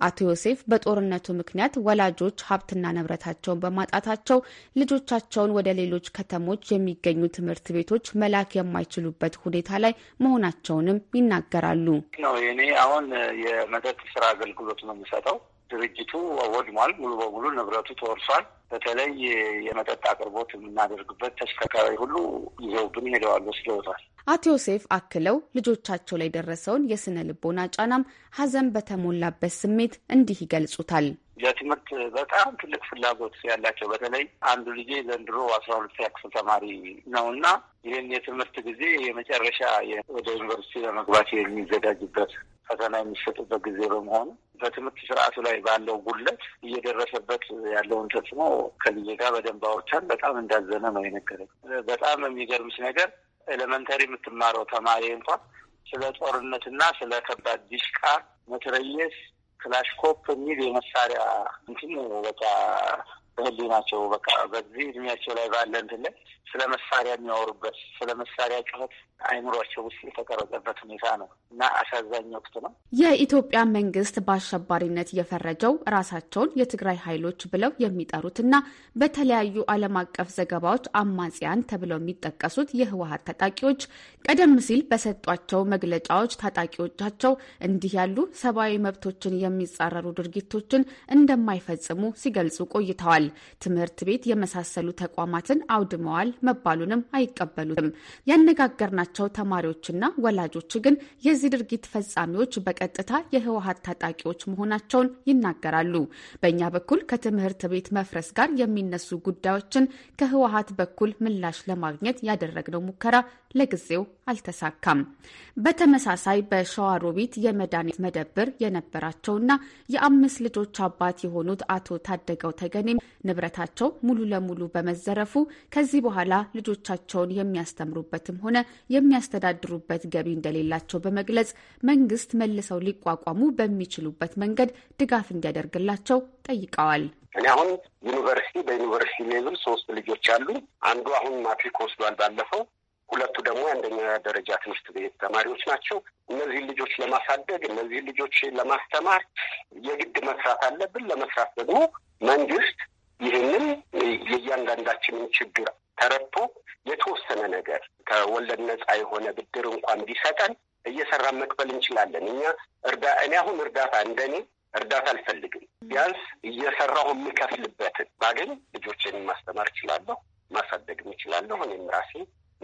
አቶ ዮሴፍ በጦርነቱ ምክንያት ወላጆች ሀብትና ንብረታቸውን በማጣታቸው ልጆቻቸውን ወደ ሌሎች ከተሞች የሚገኙ ትምህርት ቤቶች መላክ የማይችሉበት ሁኔታ ላይ መሆናቸውንም ይናገራሉ። ነው እኔ አሁን የመጠጥ ስራ አገልግሎት ነው የምሰጠው ድርጅቱ ወድሟል፣ ሙሉ በሙሉ ንብረቱ ተወርሷል። በተለይ የመጠጥ አቅርቦት የምናደርግበት ተሽከርካሪ ሁሉ ይዘውብን ሄደዋል፣ ወስደውታል። አቶ ዮሴፍ አክለው ልጆቻቸው ላይ ደረሰውን የስነ ልቦና ጫናም ሀዘን በተሞላበት ስሜት እንዲህ ይገልጹታል። ለትምህርት በጣም ትልቅ ፍላጎት ያላቸው በተለይ አንዱ ልጄ ዘንድሮ አስራ ሁለተኛ ክፍል ተማሪ ነው እና ይህን የትምህርት ጊዜ የመጨረሻ ወደ ዩኒቨርሲቲ ለመግባት የሚዘጋጅበት ፈተና የሚሰጥበት ጊዜ በመሆኑ በትምህርት ስርዓቱ ላይ ባለው ጉለት እየደረሰበት ያለውን ተጽዕኖ ከልጄ ጋር በደንብ አውርተን በጣም እንዳዘነ ነው የነገረኝ። በጣም የሚገርምሽ ነገር ኤሌመንተሪ የምትማረው ተማሪ እንኳን ስለ ጦርነትና ስለ ከባድ ዲሽቃ፣ መትረየስ፣ ክላሽኮፕ የሚል የመሳሪያ እንትን በቃ በህሊናቸው በቃ በዚህ እድሜያቸው ላይ ባለ እንትን ላይ ስለ መሳሪያ የሚያወሩበት ስለ መሳሪያ ጩኸት አይምሯቸው ውስጥ የተቀረጸበት ሁኔታ ነው እና አሳዛኝ ወቅት ነው። የኢትዮጵያ መንግስት በአሸባሪነት የፈረጀው ራሳቸውን የትግራይ ኃይሎች ብለው የሚጠሩትና በተለያዩ ዓለም አቀፍ ዘገባዎች አማጽያን ተብለው የሚጠቀሱት የህወሀት ታጣቂዎች ቀደም ሲል በሰጧቸው መግለጫዎች ታጣቂዎቻቸው እንዲህ ያሉ ሰብአዊ መብቶችን የሚጻረሩ ድርጊቶችን እንደማይፈጽሙ ሲገልጹ ቆይተዋል። ትምህርት ቤት የመሳሰሉ ተቋማትን አውድመዋል መባሉንም አይቀበሉትም። ያነጋገርናቸው ተማሪዎችና ወላጆች ግን የዚህ ድርጊት ፈጻሚዎች በቀጥታ የህወሀት ታጣቂዎች መሆናቸውን ይናገራሉ። በእኛ በኩል ከትምህርት ቤት መፍረስ ጋር የሚነሱ ጉዳዮችን ከህወሀት በኩል ምላሽ ለማግኘት ያደረግነው ሙከራ ለጊዜው አልተሳካም። በተመሳሳይ በሸዋሮቢት የመድኃኒት መደብር የነበራቸውና የአምስት ልጆች አባት የሆኑት አቶ ታደገው ተገኔም ንብረታቸው ሙሉ ለሙሉ በመዘረፉ ከዚህ በኋላ ልጆቻቸውን የሚያስተምሩበትም ሆነ የሚያስተዳድሩበት ገቢ እንደሌላቸው በመግለጽ መንግስት መልሰው ሊቋቋሙ በሚችሉበት መንገድ ድጋፍ እንዲያደርግላቸው ጠይቀዋል። እኔ አሁን ዩኒቨርሲቲ በዩኒቨርሲቲ ሌቭል ሶስት ልጆች አሉ። አንዱ አሁን ማትሪክ ወስዷል ባለፈው ሁለቱ ደግሞ የአንደኛ ደረጃ ትምህርት ቤት ተማሪዎች ናቸው። እነዚህን ልጆች ለማሳደግ እነዚህን ልጆች ለማስተማር የግድ መስራት አለብን። ለመስራት ደግሞ መንግስት ይህንን የእያንዳንዳችንን ችግር ተረድቶ የተወሰነ ነገር ከወለድ ነጻ የሆነ ብድር እንኳን ቢሰጠን እየሰራን መክፈል እንችላለን። እኛ እርዳ እኔ አሁን እርዳታ እንደኔ እርዳታ አልፈልግም። ቢያንስ እየሰራሁ የምከፍልበትን ባገኝ ልጆችን ማስተማር እችላለሁ፣ ማሳደግም እችላለሁ፣ እኔም ራሴ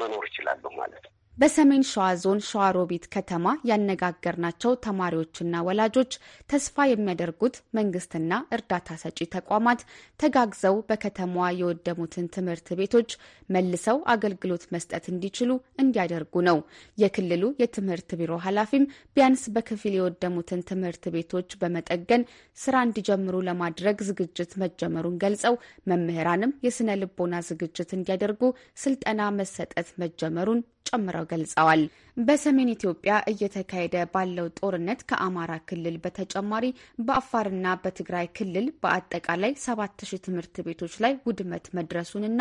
መኖር እችላለሁ ማለት ነው። በሰሜን ሸዋ ዞን ሸዋሮቢት ከተማ ያነጋገርናቸው ተማሪዎችና ወላጆች ተስፋ የሚያደርጉት መንግስትና እርዳታ ሰጪ ተቋማት ተጋግዘው በከተማዋ የወደሙትን ትምህርት ቤቶች መልሰው አገልግሎት መስጠት እንዲችሉ እንዲያደርጉ ነው። የክልሉ የትምህርት ቢሮ ኃላፊም ቢያንስ በከፊል የወደሙትን ትምህርት ቤቶች በመጠገን ስራ እንዲጀምሩ ለማድረግ ዝግጅት መጀመሩን ገልጸው መምህራንም የስነ ልቦና ዝግጅት እንዲያደርጉ ስልጠና መሰጠት መጀመሩን ጨምረው ገልጸዋል። በሰሜን ኢትዮጵያ እየተካሄደ ባለው ጦርነት ከአማራ ክልል በተጨማሪ በአፋርና በትግራይ ክልል በአጠቃላይ ሰባት ሺህ ትምህርት ቤቶች ላይ ውድመት መድረሱንና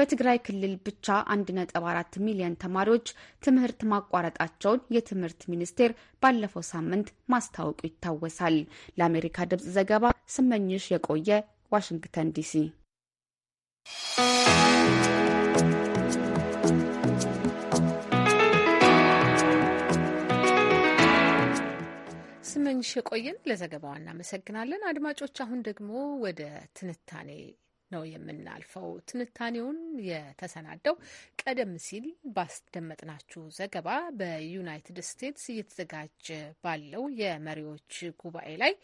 በትግራይ ክልል ብቻ 1.4 ሚሊዮን ተማሪዎች ትምህርት ማቋረጣቸውን የትምህርት ሚኒስቴር ባለፈው ሳምንት ማስታወቁ ይታወሳል። ለአሜሪካ ድምጽ ዘገባ ስመኝሽ የቆየ ዋሽንግተን ዲሲ። ስመኝሽ የቆየን ለዘገባዋ እናመሰግናለን። አድማጮች፣ አሁን ደግሞ ወደ ትንታኔ ነው የምናልፈው። ትንታኔውን የተሰናደው ቀደም ሲል ባስደመጥናችሁ ዘገባ በዩናይትድ ስቴትስ እየተዘጋጀ ባለው የመሪዎች ጉባኤ ላይ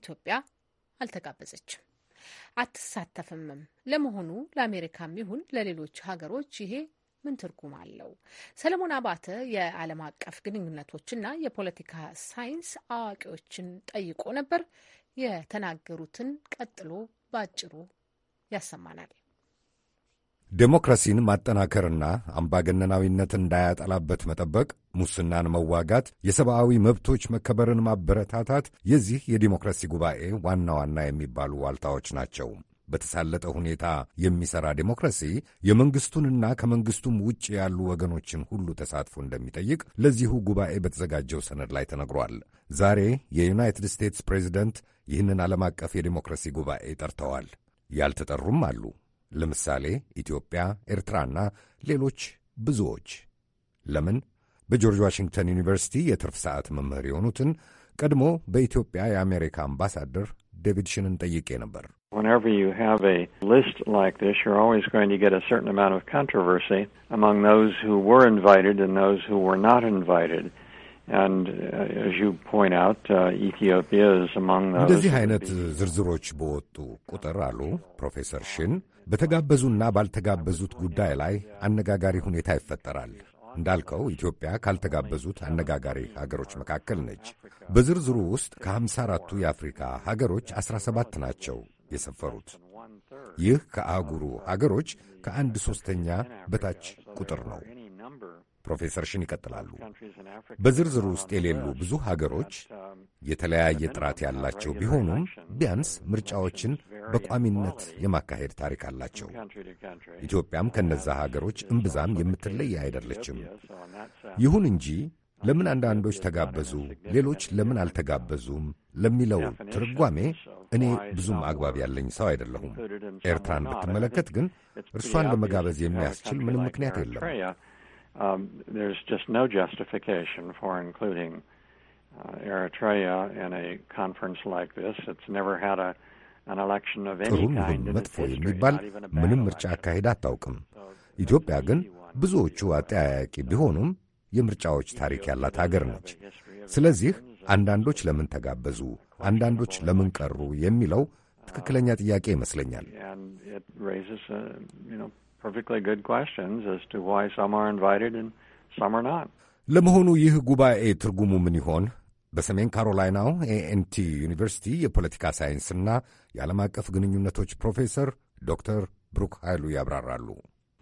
ኢትዮጵያ አልተጋበዘችም፣ አትሳተፍምም። ለመሆኑ ለአሜሪካም ይሁን ለሌሎች ሀገሮች ይሄ ምን ትርጉም አለው? ሰለሞን አባተ የዓለም አቀፍ ግንኙነቶችና የፖለቲካ ሳይንስ አዋቂዎችን ጠይቆ ነበር። የተናገሩትን ቀጥሎ በአጭሩ ያሰማናል። ዴሞክራሲን ማጠናከርና አምባገነናዊነት እንዳያጠላበት መጠበቅ፣ ሙስናን መዋጋት፣ የሰብአዊ መብቶች መከበርን ማበረታታት የዚህ የዲሞክራሲ ጉባኤ ዋና ዋና የሚባሉ ዋልታዎች ናቸው። በተሳለጠ ሁኔታ የሚሰራ ዴሞክራሲ የመንግስቱንና ከመንግስቱም ውጭ ያሉ ወገኖችን ሁሉ ተሳትፎ እንደሚጠይቅ ለዚሁ ጉባኤ በተዘጋጀው ሰነድ ላይ ተነግሯል። ዛሬ የዩናይትድ ስቴትስ ፕሬዚደንት ይህንን ዓለም አቀፍ የዴሞክራሲ ጉባኤ ጠርተዋል። ያልተጠሩም አሉ። ለምሳሌ ኢትዮጵያ፣ ኤርትራና ሌሎች ብዙዎች። ለምን? በጆርጅ ዋሽንግተን ዩኒቨርሲቲ የትርፍ ሰዓት መምህር የሆኑትን ቀድሞ በኢትዮጵያ የአሜሪካ አምባሳደር ዴቪድ ሽንን ጠይቄ ነበር። Whenever you have a list like this, you're always going to get a certain amount of controversy among those who were invited and those who were not invited. And uh, as you point out, uh, Ethiopia is among those. እንደዚህ አይነት ዝርዝሮች በወጡ ቁጥር አሉ ፕሮፌሰር ሽን በተጋበዙና ባልተጋበዙት ጉዳይ ላይ አነጋጋሪ ሁኔታ ይፈጠራል። እንዳልከው ኢትዮጵያ ካልተጋበዙት አነጋጋሪ ሀገሮች መካከል ነች። በዝርዝሩ ውስጥ ከ54ቱ የአፍሪካ ሀገሮች 17 ናቸው የሰፈሩት። ይህ ከአህጉሩ አገሮች ከአንድ ሦስተኛ በታች ቁጥር ነው። ፕሮፌሰር ሽን ይቀጥላሉ። በዝርዝሩ ውስጥ የሌሉ ብዙ ሀገሮች የተለያየ ጥራት ያላቸው ቢሆኑም ቢያንስ ምርጫዎችን በቋሚነት የማካሄድ ታሪክ አላቸው። ኢትዮጵያም ከነዛ ሀገሮች እምብዛም የምትለይ አይደለችም። ይሁን እንጂ ለምን አንዳንዶች ተጋበዙ፣ ሌሎች ለምን አልተጋበዙም ለሚለው ትርጓሜ እኔ ብዙም አግባብ ያለኝ ሰው አይደለሁም። ኤርትራን ብትመለከት ግን እርሷን ለመጋበዝ የሚያስችል ምንም ምክንያት የለም። uh, ጥሩም ይሁን መጥፎ የሚባል ምንም ምርጫ አካሄድ አታውቅም። ኢትዮጵያ ግን ብዙዎቹ አጠያያቂ ቢሆኑም የምርጫዎች ታሪክ ያላት አገር ነች። ስለዚህ አንዳንዶች ለምን ተጋበዙ፣ አንዳንዶች ለምን ቀሩ የሚለው ትክክለኛ ጥያቄ ይመስለኛል። ለመሆኑ ይህ ጉባኤ ትርጉሙ ምን ይሆን? በሰሜን ካሮላይናው ኤኤንቲ ዩኒቨርሲቲ የፖለቲካ ሳይንስና የዓለም አቀፍ ግንኙነቶች ፕሮፌሰር ዶክተር ብሩክ ኃይሉ ያብራራሉ።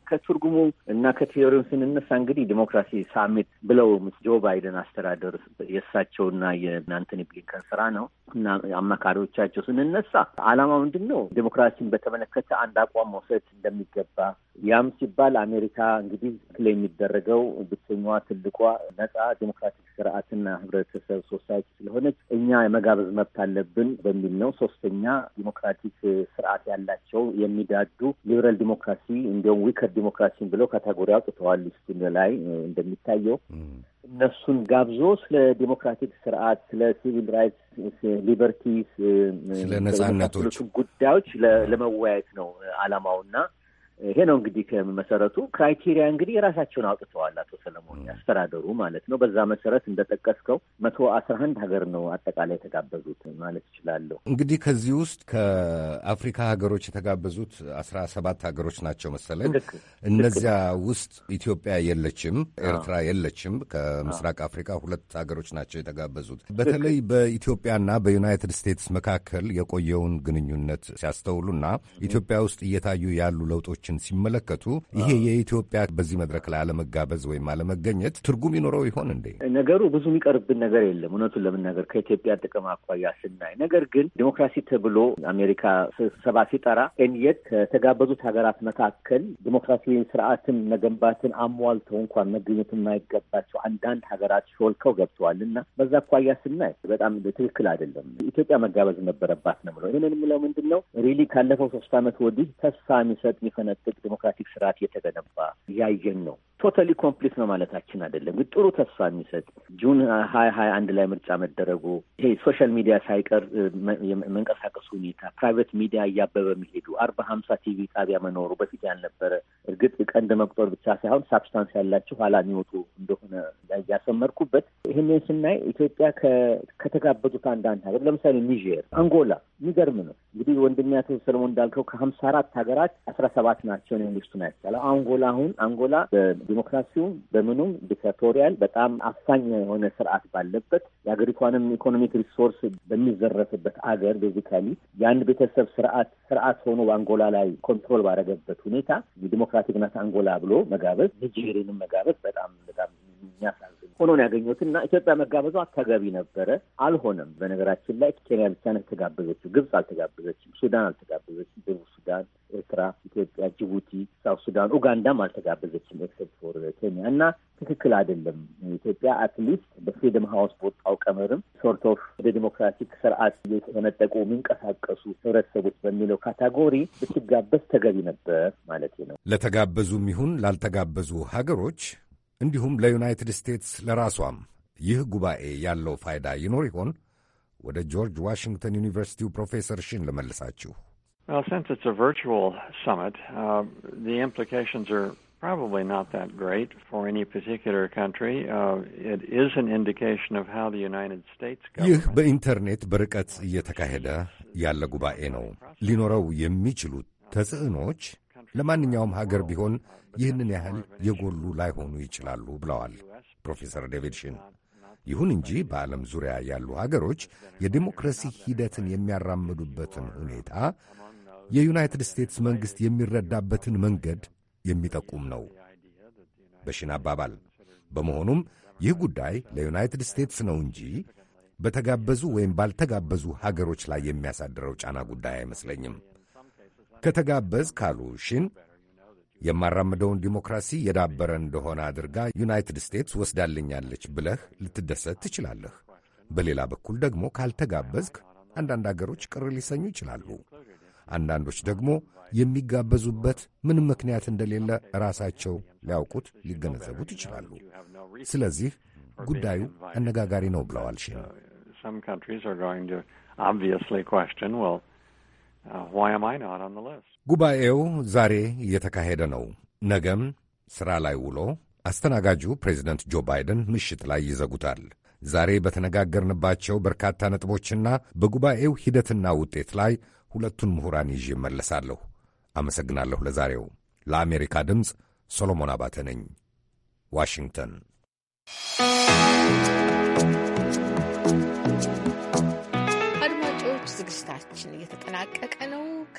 ከትርጉሙ እና ከቴዎሪው ስንነሳ እንግዲህ ዲሞክራሲ ሳሚት ብለው ጆ ባይደን አስተዳደር የእሳቸውና የአንቶኒ ብሊንከን ስራ ነው እና አማካሪዎቻቸው ስንነሳ አላማ ምንድን ነው? ዲሞክራሲን በተመለከተ አንድ አቋም መውሰድ እንደሚገባ ያም ሲባል አሜሪካ እንግዲህ የሚደረገው ብቸኛዋ ትልቋ ነጻ ዲሞክራቲክ ስርዓትና ህብረተሰብ ሶሳይቲ ስለሆነች እኛ የመጋበዝ መብት አለብን በሚል ነው። ሶስተኛ ዲሞክራቲክ ስርዓት ያላቸው የሚዳዱ ሊበራል ዲሞክራሲ እንዲሁም ዊከር ዲሞክራሲን ብለው ካታጎሪ አውጥተዋል ሊስቱን ላይ እንደሚታየው እነሱን ጋብዞ ስለ ዲሞክራቲክ ስርዓት፣ ስለ ሲቪል ራይትስ፣ ሊበርቲስ፣ ስለ ነጻነቶች ጉዳዮች ለመወያየት ነው አላማውና ይሄ ነው እንግዲህ ከመሰረቱ ክራይቴሪያ እንግዲህ የራሳቸውን አውጥተዋል አቶ ሰለሞን ያስተዳደሩ ማለት ነው። በዛ መሰረት እንደጠቀስከው መቶ አስራ አንድ ሀገር ነው አጠቃላይ የተጋበዙት ማለት እችላለሁ። እንግዲህ ከዚህ ውስጥ ከአፍሪካ ሀገሮች የተጋበዙት አስራ ሰባት ሀገሮች ናቸው መሰለኝ። እነዚያ ውስጥ ኢትዮጵያ የለችም፣ ኤርትራ የለችም። ከምስራቅ አፍሪካ ሁለት ሀገሮች ናቸው የተጋበዙት። በተለይ በኢትዮጵያና በዩናይትድ ስቴትስ መካከል የቆየውን ግንኙነት ሲያስተውሉና ኢትዮጵያ ውስጥ እየታዩ ያሉ ለውጦች መድረኮችን ሲመለከቱ ይሄ የኢትዮጵያ በዚህ መድረክ ላይ አለመጋበዝ ወይም አለመገኘት ትርጉም ይኖረው ይሆን እንዴ? ነገሩ ብዙ የሚቀርብን ነገር የለም እውነቱን ለመናገር ከኢትዮጵያ ጥቅም አኳያ ስናይ። ነገር ግን ዲሞክራሲ ተብሎ አሜሪካ ስብሰባ ሲጠራ ኤንየት ከተጋበዙት ሀገራት መካከል ዲሞክራሲ ስርዓትን መገንባትን አሟልተው እንኳን መገኘት የማይገባቸው አንዳንድ ሀገራት ሾልከው ገብተዋል እና በዛ አኳያ ስናይ በጣም ትክክል አይደለም። ኢትዮጵያ መጋበዝ ነበረባት ነው ብለው ይህንን የምለው ምንድን ነው ሪሊ ካለፈው ሶስት ዓመት ወዲህ ተስፋ የሚሰጥ የፈነ በትጥቅ ዲሞክራቲክ ስርዓት የተገነባ እያየን ነው። ቶታሊ ኮምፕሊት ነው ማለታችን አይደለም፣ ግን ጥሩ ተስፋ የሚሰጥ ጁን ሀያ ሀያ አንድ ላይ ምርጫ መደረጉ ይሄ ሶሻል ሚዲያ ሳይቀር መንቀሳቀሱ ሁኔታ ፕራይቬት ሚዲያ እያበበ የሚሄዱ አርባ ሀምሳ ቲቪ ጣቢያ መኖሩ በፊት ያልነበረ እርግጥ ቀንድ መቁጠር ብቻ ሳይሆን ሳብስታንስ ያላቸው ኋላ የሚወጡ እንደሆነ እያሰመርኩበት ይህንን ስናይ ኢትዮጵያ ከተጋበዙት አንዳንድ ሀገር ለምሳሌ ኒጀር፣ አንጎላ የሚገርም ነው እንግዲህ ወንድሚያቶ ሰለሞን እንዳልከው ከሀምሳ አራት ሀገራት አስራ ሰባት ናቸው ሊስቱን ያስቻለው አንጎላ አሁን አንጎላ በዲሞክራሲውም በምኑም ዲክታቶሪያል በጣም አፋኝ የሆነ ስርዓት ባለበት የሀገሪቷንም ኢኮኖሚክ ሪሶርስ በሚዘረፍበት አገር ቤዚካሊ የአንድ ቤተሰብ ስርዓት ስርዓት ሆኖ በአንጎላ ላይ ኮንትሮል ባደረገበት ሁኔታ የዲሞክራቲክ ናት አንጎላ ብሎ መጋበዝ ኒጀሪንም መጋበዝ በጣም በጣም የሚያሳዝ ሆኖ ነው ያገኘሁት እና ኢትዮጵያ መጋበዟ ተገቢ ነበረ። አልሆነም። በነገራችን ላይ ኬንያ ብቻ ነው የተጋበዘችው። ግብጽ አልተጋበዘችም። ሱዳን አልተጋበዘችም። ደቡብ ሱዳን፣ ኤርትራ፣ ኢትዮጵያ፣ ጅቡቲ፣ ሳውት ሱዳን፣ ኡጋንዳም አልተጋበዘችም ኤክሴፕት ፎር ኬንያ እና ትክክል አይደለም። ኢትዮጵያ አትሊስት በፍሪደም ሀውስ በወጣው ቀመርም ሶርት ኦፍ ወደ ዲሞክራቲክ ስርዓት የተነጠቁ የሚንቀሳቀሱ ህብረተሰቦች በሚለው ካታጎሪ ብትጋበዝ ተገቢ ነበር ማለት ነው። ለተጋበዙም ይሁን ላልተጋበዙ ሀገሮች እንዲሁም ለዩናይትድ ስቴትስ ለራሷም ይህ ጉባኤ ያለው ፋይዳ ይኖር ይሆን? ወደ ጆርጅ ዋሽንግተን ዩኒቨርሲቲው ፕሮፌሰር ሽን ልመልሳችሁ። uh, uh, ይህ በኢንተርኔት በርቀት እየተካሄደ ያለ ጉባኤ ነው። ሊኖረው የሚችሉት ተጽዕኖዎች ለማንኛውም ሀገር ቢሆን ይህንን ያህል የጎሉ ላይሆኑ ይችላሉ ብለዋል ፕሮፌሰር ዴቪድ ሽን። ይሁን እንጂ በዓለም ዙሪያ ያሉ ሀገሮች የዲሞክራሲ ሂደትን የሚያራምዱበትን ሁኔታ የዩናይትድ ስቴትስ መንግሥት የሚረዳበትን መንገድ የሚጠቁም ነው በሽን አባባል። በመሆኑም ይህ ጉዳይ ለዩናይትድ ስቴትስ ነው እንጂ በተጋበዙ ወይም ባልተጋበዙ ሀገሮች ላይ የሚያሳድረው ጫና ጉዳይ አይመስለኝም። ከተጋበዝ ካሉ ሽን የማራምደውን ዲሞክራሲ የዳበረ እንደሆነ አድርጋ ዩናይትድ ስቴትስ ወስዳልኛለች ብለህ ልትደሰት ትችላለህ። በሌላ በኩል ደግሞ ካልተጋበዝክ አንዳንድ አገሮች ቅር ሊሰኙ ይችላሉ። አንዳንዶች ደግሞ የሚጋበዙበት ምንም ምክንያት እንደሌለ ራሳቸው ሊያውቁት ሊገነዘቡት ይችላሉ። ስለዚህ ጉዳዩ አነጋጋሪ ነው ብለዋል ሽን Uh, ጉባኤው ዛሬ እየተካሄደ ነው። ነገም ሥራ ላይ ውሎ አስተናጋጁ ፕሬዚደንት ጆ ባይደን ምሽት ላይ ይዘጉታል። ዛሬ በተነጋገርንባቸው በርካታ ነጥቦችና በጉባኤው ሂደትና ውጤት ላይ ሁለቱን ምሁራን ይዤ እመለሳለሁ። አመሰግናለሁ። ለዛሬው ለአሜሪካ ድምፅ ሶሎሞን አባተ ነኝ፣ ዋሽንግተን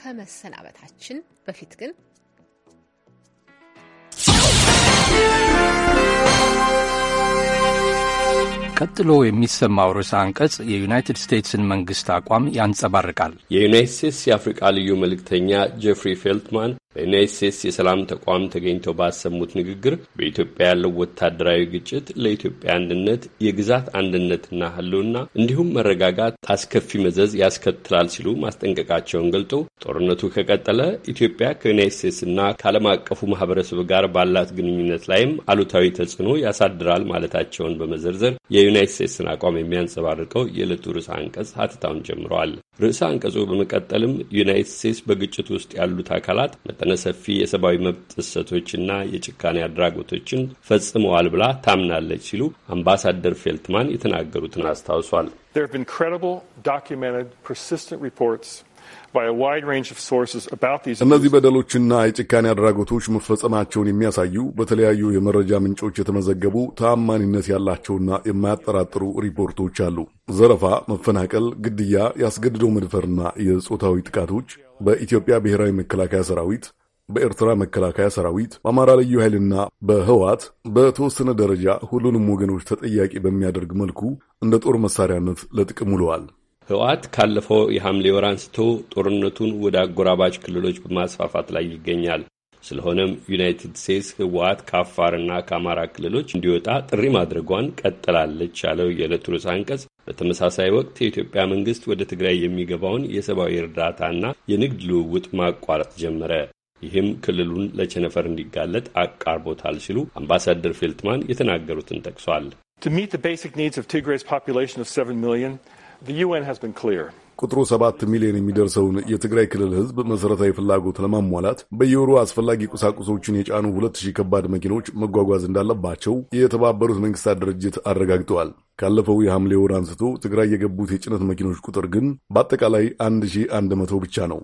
ከመሰናበታችን በፊት ግን ቀጥሎ የሚሰማው ርዕሰ አንቀጽ የዩናይትድ ስቴትስን መንግስት አቋም ያንጸባርቃል። የዩናይትድ ስቴትስ የአፍሪቃ ልዩ መልእክተኛ ጄፍሪ ፌልትማን በዩናይት ስቴትስ የሰላም ተቋም ተገኝተው ባሰሙት ንግግር በኢትዮጵያ ያለው ወታደራዊ ግጭት ለኢትዮጵያ አንድነት፣ የግዛት አንድነትና ሕልውና እንዲሁም መረጋጋት አስከፊ መዘዝ ያስከትላል ሲሉ ማስጠንቀቃቸውን ገልጦ ጦርነቱ ከቀጠለ ኢትዮጵያ ከዩናይት ስቴትስና ከዓለም አቀፉ ማህበረሰብ ጋር ባላት ግንኙነት ላይም አሉታዊ ተጽዕኖ ያሳድራል ማለታቸውን በመዘርዘር የዩናይት ስቴትስን አቋም የሚያንጸባርቀው የዕለቱ ርዕሰ አንቀጽ ሀተታውን ጀምረዋል። ርዕሰ አንቀጹ በመቀጠልም ዩናይት ስቴትስ በግጭት ውስጥ ያሉት አካላት መጠ መጠነ ሰፊ የሰብአዊ መብት ጥሰቶችና የጭካኔ አድራጎቶችን ፈጽመዋል ብላ ታምናለች ሲሉ አምባሳደር ፌልትማን የተናገሩትን አስታውሷል። እነዚህ በደሎችና የጭካኔ አድራጎቶች መፈጸማቸውን የሚያሳዩ በተለያዩ የመረጃ ምንጮች የተመዘገቡ ተአማኒነት ያላቸውና የማያጠራጥሩ ሪፖርቶች አሉ። ዘረፋ፣ መፈናቀል፣ ግድያ፣ ያስገድደው መድፈርና የጾታዊ ጥቃቶች በኢትዮጵያ ብሔራዊ መከላከያ ሰራዊት በኤርትራ መከላከያ ሰራዊት በአማራ ልዩ ኃይልና በህወሓት በተወሰነ ደረጃ ሁሉንም ወገኖች ተጠያቂ በሚያደርግ መልኩ እንደ ጦር መሳሪያነት ለጥቅም ውለዋል። ህወሓት ካለፈው የሐምሌ ወር አንስቶ ጦርነቱን ወደ አጎራባች ክልሎች በማስፋፋት ላይ ይገኛል። ስለሆነም ዩናይትድ ስቴትስ ህወሀት ከአፋርና ከአማራ ክልሎች እንዲወጣ ጥሪ ማድረጓን ቀጥላለች ያለው የዕለቱ ርዕሰ አንቀጽ በተመሳሳይ ወቅት የኢትዮጵያ መንግስት ወደ ትግራይ የሚገባውን የሰብአዊ እርዳታና የንግድ ልውውጥ ማቋረጥ ጀመረ። ይህም ክልሉን ለቸነፈር እንዲጋለጥ አቃርቦታል ሲሉ አምባሳደር ፌልትማን የተናገሩትን ጠቅሷል። To meet the basic needs of Tigray's population of 7 million, the UN has been clear. ቁጥሩ ሰባት ሚሊዮን የሚደርሰውን የትግራይ ክልል ህዝብ መሠረታዊ ፍላጎት ለማሟላት በየወሩ አስፈላጊ ቁሳቁሶችን የጫኑ ሁለት ሺህ ከባድ መኪኖች መጓጓዝ እንዳለባቸው የተባበሩት መንግስታት ድርጅት አረጋግጠዋል። ካለፈው የሐምሌ ወር አንስቶ ትግራይ የገቡት የጭነት መኪኖች ቁጥር ግን በአጠቃላይ አንድ ሺህ አንድ መቶ ብቻ ነው።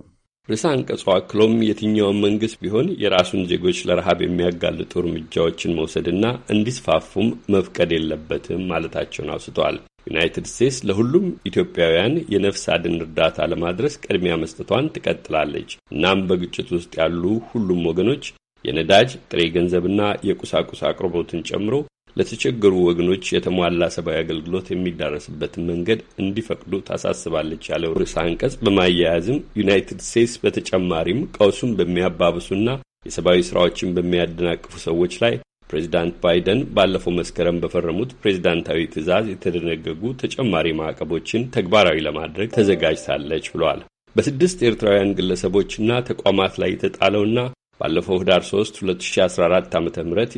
ርዕሰ አንቀጹ አክሎም የትኛውም መንግስት ቢሆን የራሱን ዜጎች ለረሃብ የሚያጋልጡ እርምጃዎችን መውሰድና እንዲስፋፉም መፍቀድ የለበትም ማለታቸውን አውስተዋል። ዩናይትድ ስቴትስ ለሁሉም ኢትዮጵያውያን የነፍስ አድን እርዳታ ለማድረስ ቅድሚያ መስጠቷን ትቀጥላለች። እናም በግጭት ውስጥ ያሉ ሁሉም ወገኖች የነዳጅ ጥሬ ገንዘብና የቁሳቁስ አቅርቦትን ጨምሮ ለተቸገሩ ወገኖች የተሟላ ሰብአዊ አገልግሎት የሚዳረስበትን መንገድ እንዲፈቅዱ ታሳስባለች ያለው ርዕሰ አንቀጽ በማያያዝም ዩናይትድ ስቴትስ በተጨማሪም ቀውሱን በሚያባብሱና የሰብአዊ ስራዎችን በሚያደናቅፉ ሰዎች ላይ ፕሬዚዳንት ባይደን ባለፈው መስከረም በፈረሙት ፕሬዚዳንታዊ ትዕዛዝ የተደነገጉ ተጨማሪ ማዕቀቦችን ተግባራዊ ለማድረግ ተዘጋጅታለች ብለዋል። በስድስት ኤርትራውያን ግለሰቦችና ተቋማት ላይ የተጣለውና ባለፈው ህዳር 3 2014 ዓ ም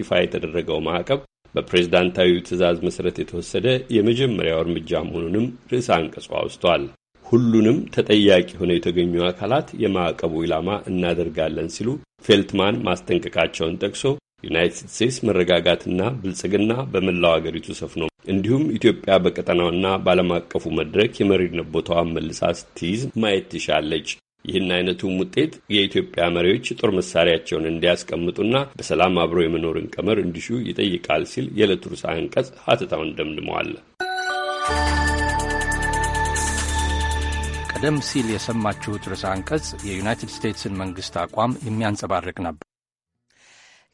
ይፋ የተደረገው ማዕቀብ በፕሬዝዳንታዊው ትዕዛዝ መሠረት የተወሰደ የመጀመሪያው እርምጃ መሆኑንም ርዕሰ አንቀጹ አውስቷል። ሁሉንም ተጠያቂ ሆነው የተገኙ አካላት የማዕቀቡ ኢላማ እናደርጋለን ሲሉ ፌልትማን ማስጠንቀቃቸውን ጠቅሶ ዩናይትድ ስቴትስ መረጋጋትና ብልጽግና በመላው አገሪቱ ሰፍኖ እንዲሁም ኢትዮጵያ በቀጠናውና በዓለም አቀፉ መድረክ የመሪነት ቦታዋን መልሳ ስትይዝ ማየት ትሻለች። ይህን አይነቱም ውጤት የኢትዮጵያ መሪዎች ጦር መሳሪያቸውን እንዲያስቀምጡና በሰላም አብሮ የመኖርን ቀመር እንዲሹ ይጠይቃል ሲል የዕለቱ ርዕሰ አንቀጽ ሀተታውን ደምድመዋል። ቀደም ሲል የሰማችሁት ርዕሰ አንቀጽ የዩናይትድ ስቴትስን መንግስት አቋም የሚያንጸባርቅ ነበር።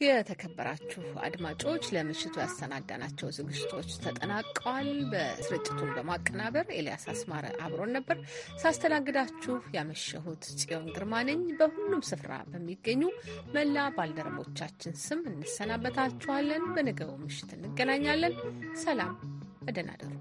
የተከበራችሁ አድማጮች ለምሽቱ ያሰናዳናቸው ዝግጅቶች ተጠናቀዋል። በስርጭቱን በማቀናበር ኤልያስ አስማረ አብሮን ነበር። ሳስተናግዳችሁ ያመሸሁት ጽዮን ግርማ ነኝ። በሁሉም ስፍራ በሚገኙ መላ ባልደረቦቻችን ስም እንሰናበታችኋለን። በነገው ምሽት እንገናኛለን። ሰላም፣ በደህና እደሩ።